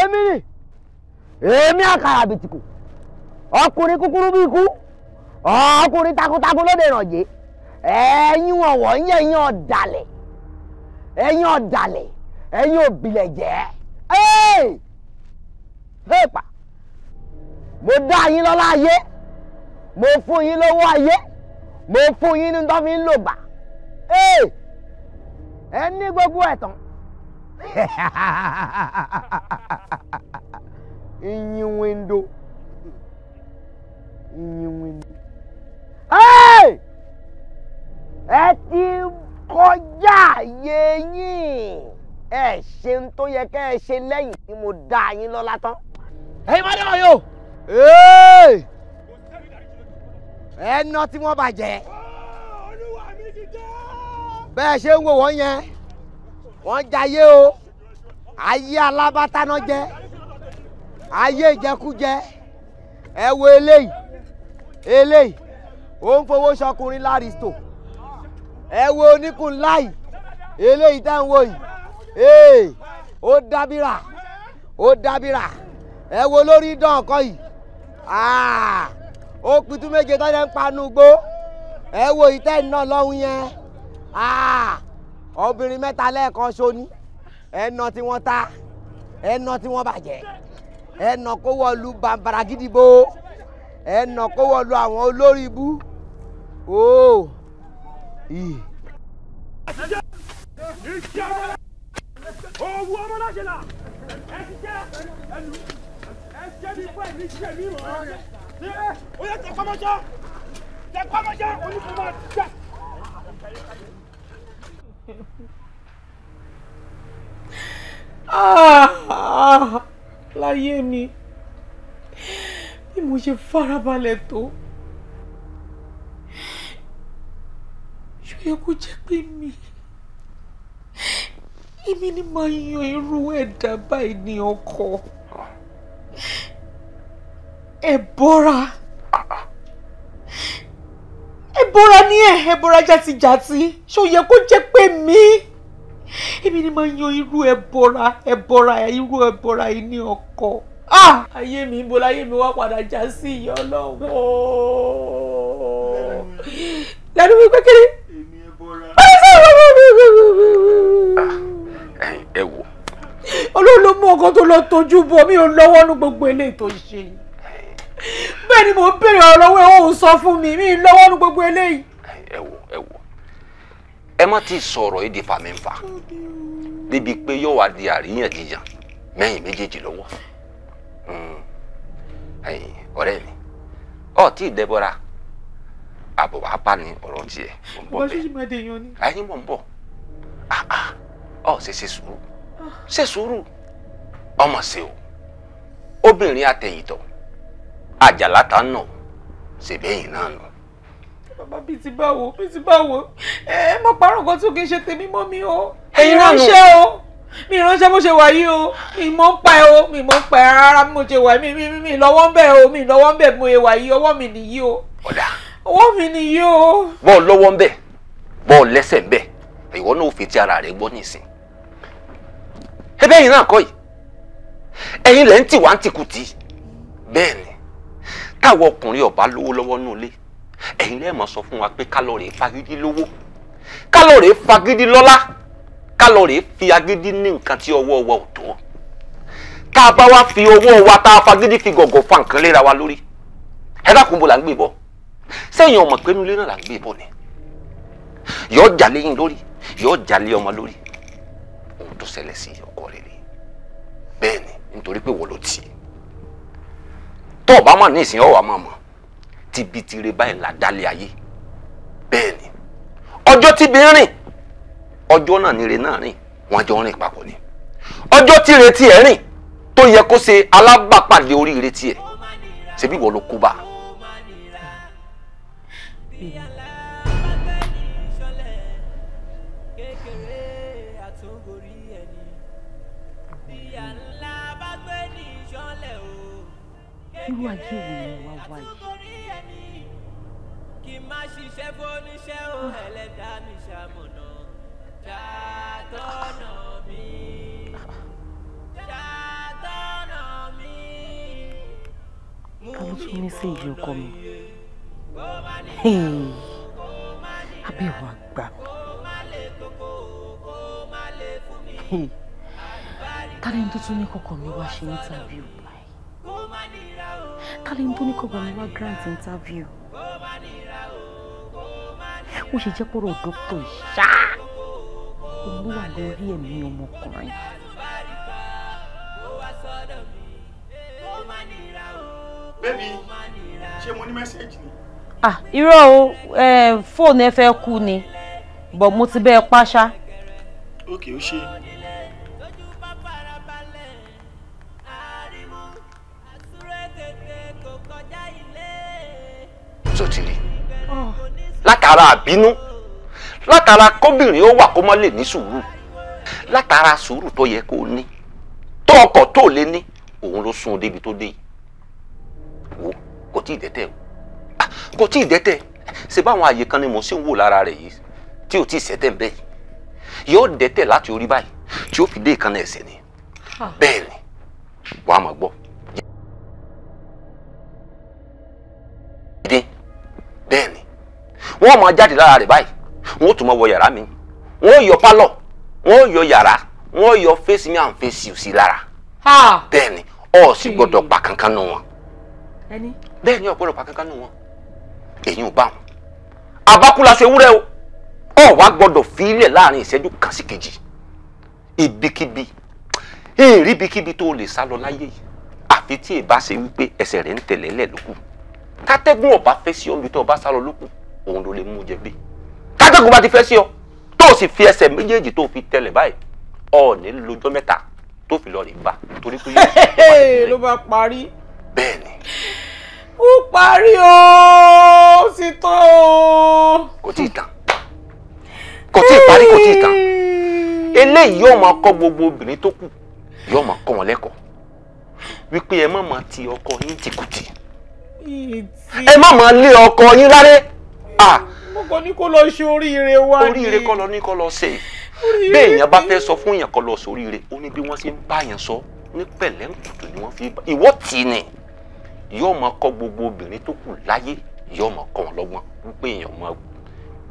èmi ni èmi àkàrà àbìtìkù ọkùnrin kúkúrú bí ikú ọkùnrin takuntakun lóde ìrànjẹ́. ẹ̀yin wọn wọ̀nyí ẹ̀yin ọ̀dàlẹ̀ ẹ̀yin ọ̀dàlẹ̀ ẹ̀yin òbílẹ̀ jẹ́ pépà mo dá yín lọ́lá ayé mo fún yín lówó ayé mo fún yín ní tó fi ń lò gbà ẹ ní gbogbo ẹ̀tàn ìyìn windo ìyìn windo. Hey! ẹ ti kọjá àyè yín ẹ ṣe ń tó yẹ kẹ́ ẹ ṣe lẹ́yìn tí mo dá yín lọ́lá tán. ẹ̀yin máa dáhùn yóò ẹ̀ẹ́nà tí wọ́n bàjẹ́ bẹ́ẹ̀ ṣe ń wò wọ́n yẹn wọ́n jayé o ayé alábátáná jẹ ayé ìjẹkújẹ ẹ wo eléyìí eléyìí ó ń fowó sọkùnrin láristo ẹ wo oníkun láì eléyìí tá à wo. wò yìí ó dábìrà ó dábìrà ẹ wo lórí dán ọkọ yìí ah, ó pitú méje tó ń panu gbó ẹ wo ìtẹ́ iná lọ́hùn yẹn ah, obìnrin mẹ́ta lẹ́ẹ̀kan ṣo ni ẹnà tí wọ́n ta ẹnà tí wọ́n bàjẹ́ ẹnà kó wọ́ọ̀lù bàbàrà gidigbo ẹnà kó wọ́ọ̀lù àwọn olórí ibú ooo. Oh owó ọmọ láṣẹ la ẹ ti jẹ ẹnu ẹ jẹ mi fún ẹmí jẹ mi mọ ẹ o yẹ tẹpamọjọ tẹpamọjọ onífọwọ jẹ. láyé mi bí mo ṣe farabalẹ̀ tó. ṣó yẹ kó jẹ́ pé mi èmi ni màá yan irú ẹ̀dá báyìí ní ọkọ ẹ̀bọ́ra ẹ̀bọ́ra ní ẹ̀ ẹ̀bọ́ra jàtijàti ṣó yẹ kó jẹ́ pé mi èmi ni màá yan irú ẹ̀bọ́ra ẹ̀bọ́ra irú ẹ̀bọ́ra yìí ní ọkọ ah! ayé mi ibo láyé mi wá padà já sí ìyá ọlọ́wọ́ lẹ́nu mi pé Ah, ẹ wò. olóhùn ló mú ọkọ tó lọ tójú bọ mi ò lọ́wọ́ ní gbogbo eléyìí tó ṣe yìí bẹ́ẹ̀ ni mò ń béèrè ọ̀rọ̀ lọ́wọ́ ẹ̀ ò sọ fún mi mi lọ́wọ́ ní gbogbo eléyìí. ẹ wò ẹ wò ẹ má ti sọ̀rọ̀ èdè fàmìfà débi pé yóò wá di àríyànjiyàn mẹ́yìn méjèèjì lọ́wọ́ hmm. ọ̀rẹ́ mi ọ̀ tí ì dẹ́bọ̀ra àbọ̀ wàá bá ní ọ̀rọ̀ tiẹ̀ mò ń bọ̀ bẹ́ẹ̀. bọ́sùn máa dèèyàn ni. ayé mò ń bọ̀ ah, ah. ọ̀ ṣe ṣe sùúrù ah. ṣe sùúrù ọmọ ṣe o obìnrin àtẹ̀yìntọ̀ àjàlá ta ń nà ṣèbẹ́yìn náà nù. bàbá bíi ti báwo bíi ti báwo ẹ ẹ mọ pàrọ̀ nǹkan tó kì í ṣe tèmi mọ́ mi o ẹ̀yin náà nù mi ránṣẹ́ bó ṣe wà yìí o mi mọ̀ ń pa ẹ o mi mọ̀ pa ẹ mo ṣe wà mi mi mi lọ́wọ́ ń o mi lọ́wọ́ ń mo ṣe wà yìí ọwọ́ mi nìyí o. ọ̀dà owó mi ni yóò. bọ́ọ̀ lọ́wọ́ ń bẹ̀ bọ́ọ̀ lẹ́sẹ̀ ń bẹ̀ ìwọ náà ò fi ti ara rẹ̀ gbọ́ nísìn. ẹbẹ́ yìí náà kọ́ yìí ẹ̀yin lẹ́ ń tì wá ń tìkùtì bẹ́ẹ̀ ni táwọn ọkùnrin ọ̀bá lówó lọ́wọ́ nù lé ẹ̀yin lẹ́ẹ̀ mọ̀ sọ fún wa pé kálọ̀rì fagidi lówó kálọ̀rì fagídí lọ́lá kálọ̀rì fi agídí ní nǹkan tí ọwọ́ wa ò tó tá a bá wá fi owó wa tá a fagídí fi gọ̀gọ̀ fa nǹkan léra wa lórí ẹ dákun bò là ń gbé bọ́ sẹ́yìn ọmọ pé nulẹ̀ náà là ń gbé bọ̀ ni yọ jalè yín lórí yọ jalè ọmọ lórí ohun tó ṣẹlẹ̀ sí ọkọ rẹ̀ ni bẹ́ẹ̀ ni nítorí pé wọ́n ló tì í tó o bá mọ̀ ní ìsìn ọ̀wà máa mọ̀ tìbí tire báyìí là ayé bẹ́ẹ̀ ni ọjọ́ tíbi rìn ọjọ́ náà ni ire náà rìn wọ́n jọ rìn papọ̀ ni ọjọ́ tí ire tiẹ̀ rìn tó yẹ kó ṣe alábàápàdé oríire tiẹ̀ ṣebí wọ́n ló kú bá pè é. kékeré àtúngorí ẹni bíyà ńlá bá gbé ní ìṣọ́lẹ̀ irú ayé wo ni wá wá yìí. kì í má ní sí ìyókò mi. Hmm. abẹ́wò àgbà hmm. mi kálẹ̀ ń tó tún ní kọ́kọ́ mi wá ṣe interview báyìí kálẹ̀ ń tó ní kọ́kọ́ mi wá grant interview ó ṣe jẹ́ pọ̀rọ̀ dókítà ìṣá olúwa lórí ẹ̀mí ọmọkùnrin. bẹ́ẹ̀ni ṣé mo ní mẹ́sẹ̀gì ni ah irọ́ o fóònù ẹ fẹ́ kú ni bọ̀ mo ti bẹ́ẹ̀ pàṣá. ókè ó ṣe. sotiri ah. látara àbínú látara kóbìnrin ó wà kó má lè ní sùúrù látara sùúrù tó yẹ kó ní tó ọkọ̀ tó lé ní òun ló sún un débi tó dé yìí wò kò tí ì dẹ́tẹ̀ o kò tí ì dẹ́tẹ̀ ṣe báwọn àyè kan ni mò ń sì ń wò lára rẹ̀ yìí tí ò tí ì ṣẹ́tẹ̀ bẹ́ẹ̀ yóò dẹ́tẹ̀ láti orí báyìí tí ó fi dé ìkànnì ẹ̀sẹ̀ ni ah. bẹ́ẹ̀ ni wàá máa gbọ́. bẹ́ẹ̀ ni wọ́n máa jáde lára rẹ̀ báyìí wọ́n tún máa wọ yàrá mi wọ́n yọ pálọ̀ wọ́n yọ yàrá wọ́n yọ fèsì mi à ń fèsì òsì lára ah. bẹ́ẹ̀ ni ọ̀ sì gbọ́dọ̀ pa nù wọn bẹ́ẹ̀ ni ọ̀ gbọ́dọ̀ pa nù wọn èyí ò bá wọn àbákúlá ṣe wúrẹ́ o ọ̀ wá gbọ́dọ̀ fi ilẹ̀ láàrin ìṣẹ́jú kan sí kejì ibikíbi ìríbikíbi tó lè sá lọ láyé yìí àfi tí ìbá ṣe wípé ẹsẹ̀ rẹ̀ ń tẹ̀lé lẹ̀ lókù tátẹ́gùn ọ̀bá fẹ́ sí ọ níbi tó ọba sá lọ lókù òun ló lè mú jẹ gbé tátẹ́gùn bá ti fẹ́ sí ọ tó o sì fi ẹsẹ̀ méjèèjì tó o fi tẹ̀lé báyìí ọ ní lọ́jọ́ mẹ́ta tó fi lọ rí bá torí pé yóò ṣe ló bá parí. bẹ́ẹ̀ni ó parí o ó sì tán o. kò tí ì tán kò tí ì parí kò tí ì tán eléyìí yóò máa kọ́ gbogbo obìnrin tó kù yóò máa kọ́ wọn lẹ́kọ̀ọ́ wípé ẹ má máa ti ọkọ yín tìkùtì ẹ má máa lé ọkọ yín rárá kò ní kó lọ ṣe oríire wá ní. oríire kọ́ lọ ní kọ́ lọ ṣe bẹ́ẹ̀ yẹn bá fẹ́ sọ fún yẹn kọ́ lọ sóríire ó ní bí wọ́n ṣe ń bá yẹn sọ ní pẹ̀lẹ́ǹkùtù ni wọ́n fi ìwọ́ tì í yóò máa kọ́ gbogbo obìnrin tó kù láyé yóò máa kọ́ wọn lọ́gbọ́n wípé èèyàn máa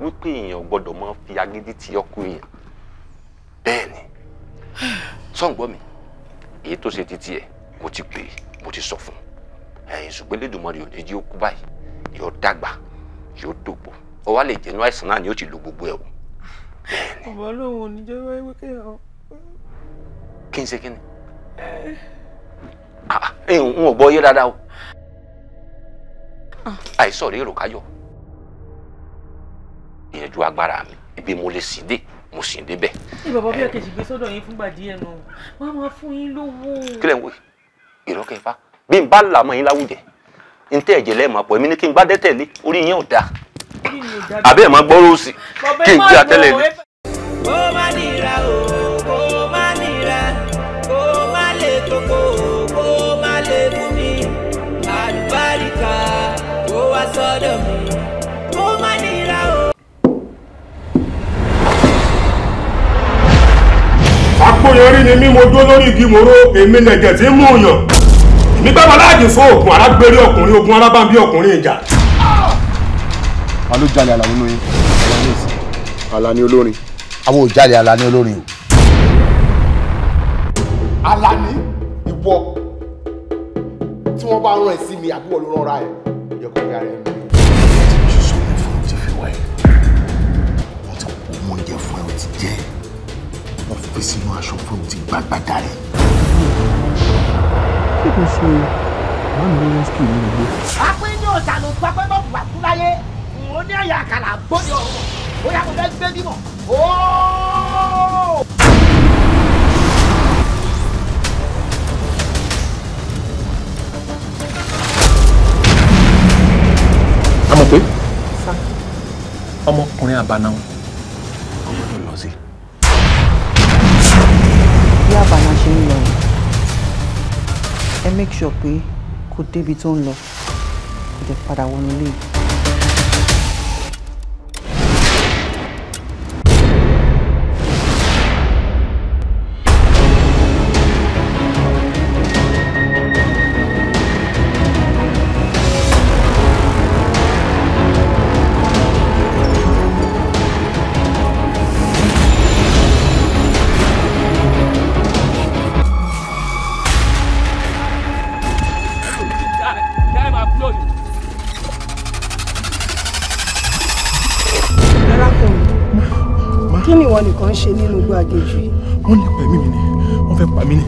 wípé èèyàn gbọ́dọ̀ máa fi agídí ti ọkọ èèyàn bẹ́ẹ̀ ni sọ̀ǹgbọ́n mi èyí tó ṣe títí ẹ̀ mo ti pè é mo ti sọ fún un ẹ̀yìn ṣùgbọ́n Elédùmarè ò ní jí ó kú báyìí yóò dàgbà yóò dògbò ó wá lè jẹ́nu àìsàn náà ni ó ti lo gbogbo ẹ̀ o. bàbá lòun ò ní jẹ́ kí n ṣe kí ni ah, ah, eh, n ò gbọ́ yé dáadáa o àìsàn rèé rò káyọ̀ ìyẹn ju agbára mi ibi mo lè sì dé mo sì dé bẹ́ẹ̀. ní bàbá bí akéjì gbé sọ́dọ̀ yín fúngbà díẹ̀ nù wọ́n á máa fún yín lówó. kílẹ̀ ń wò ìrọ́kẹ́ ifá bí n bá là mọ́ yín láwùjẹ n tẹ́ ẹ̀jẹ̀ lẹ́ẹ̀mọ́ pọ̀ èmi ní kí n bá dẹ́tẹ̀ orí yín ò dáa àbí ẹ̀ máa gbọ́rọ̀ òsì kí n jí atẹ́lẹ̀ ni. bó bá nira o. lọ́dọ̀ mi mo má nira o. àpòyọrí ni mí mo dúró lórí igi mòró èmi nẹ̀jẹ̀ tí ń mú yàn èmi gbàgbọ́ láàjì fún òògùn alágbèrè ọkùnrin ogun alábàbí ọkùnrin ìjà. àló jalè àlàó nínú yín alani olórin. àwọn òjàlè alani olórin o. alani ìwọ tí wọn bá rán ẹ sí mi àbúrò ló rán ra ẹ yẹ kó yára ẹ. fi sínú aṣọ fún mi ti gbàgbàdà rẹ̀. kí ló ṣe máa ń lọ sí ìlú ìlú. apẹ́ ní ọ̀sà ló pa pẹ́ bọ́ọ̀bù wà fún láyé ò ní àyà àkàlà gbọ́dọ̀ ọ̀rọ̀ bóyá mo fẹ́ gbé bímọ. a mọ̀ pé ọmọkùnrin àbánáwọn lọ sí i. ṣe ń lọ ni ẹ make sure pé kò débi tó ń lọ kò dẹ̀ padà wọnú ilé yìí. ń ṣe nínú igbó àgèjì yìí. wọ́n nípa ẹ̀mí mi ni wọ́n fẹ́ pa mí ni.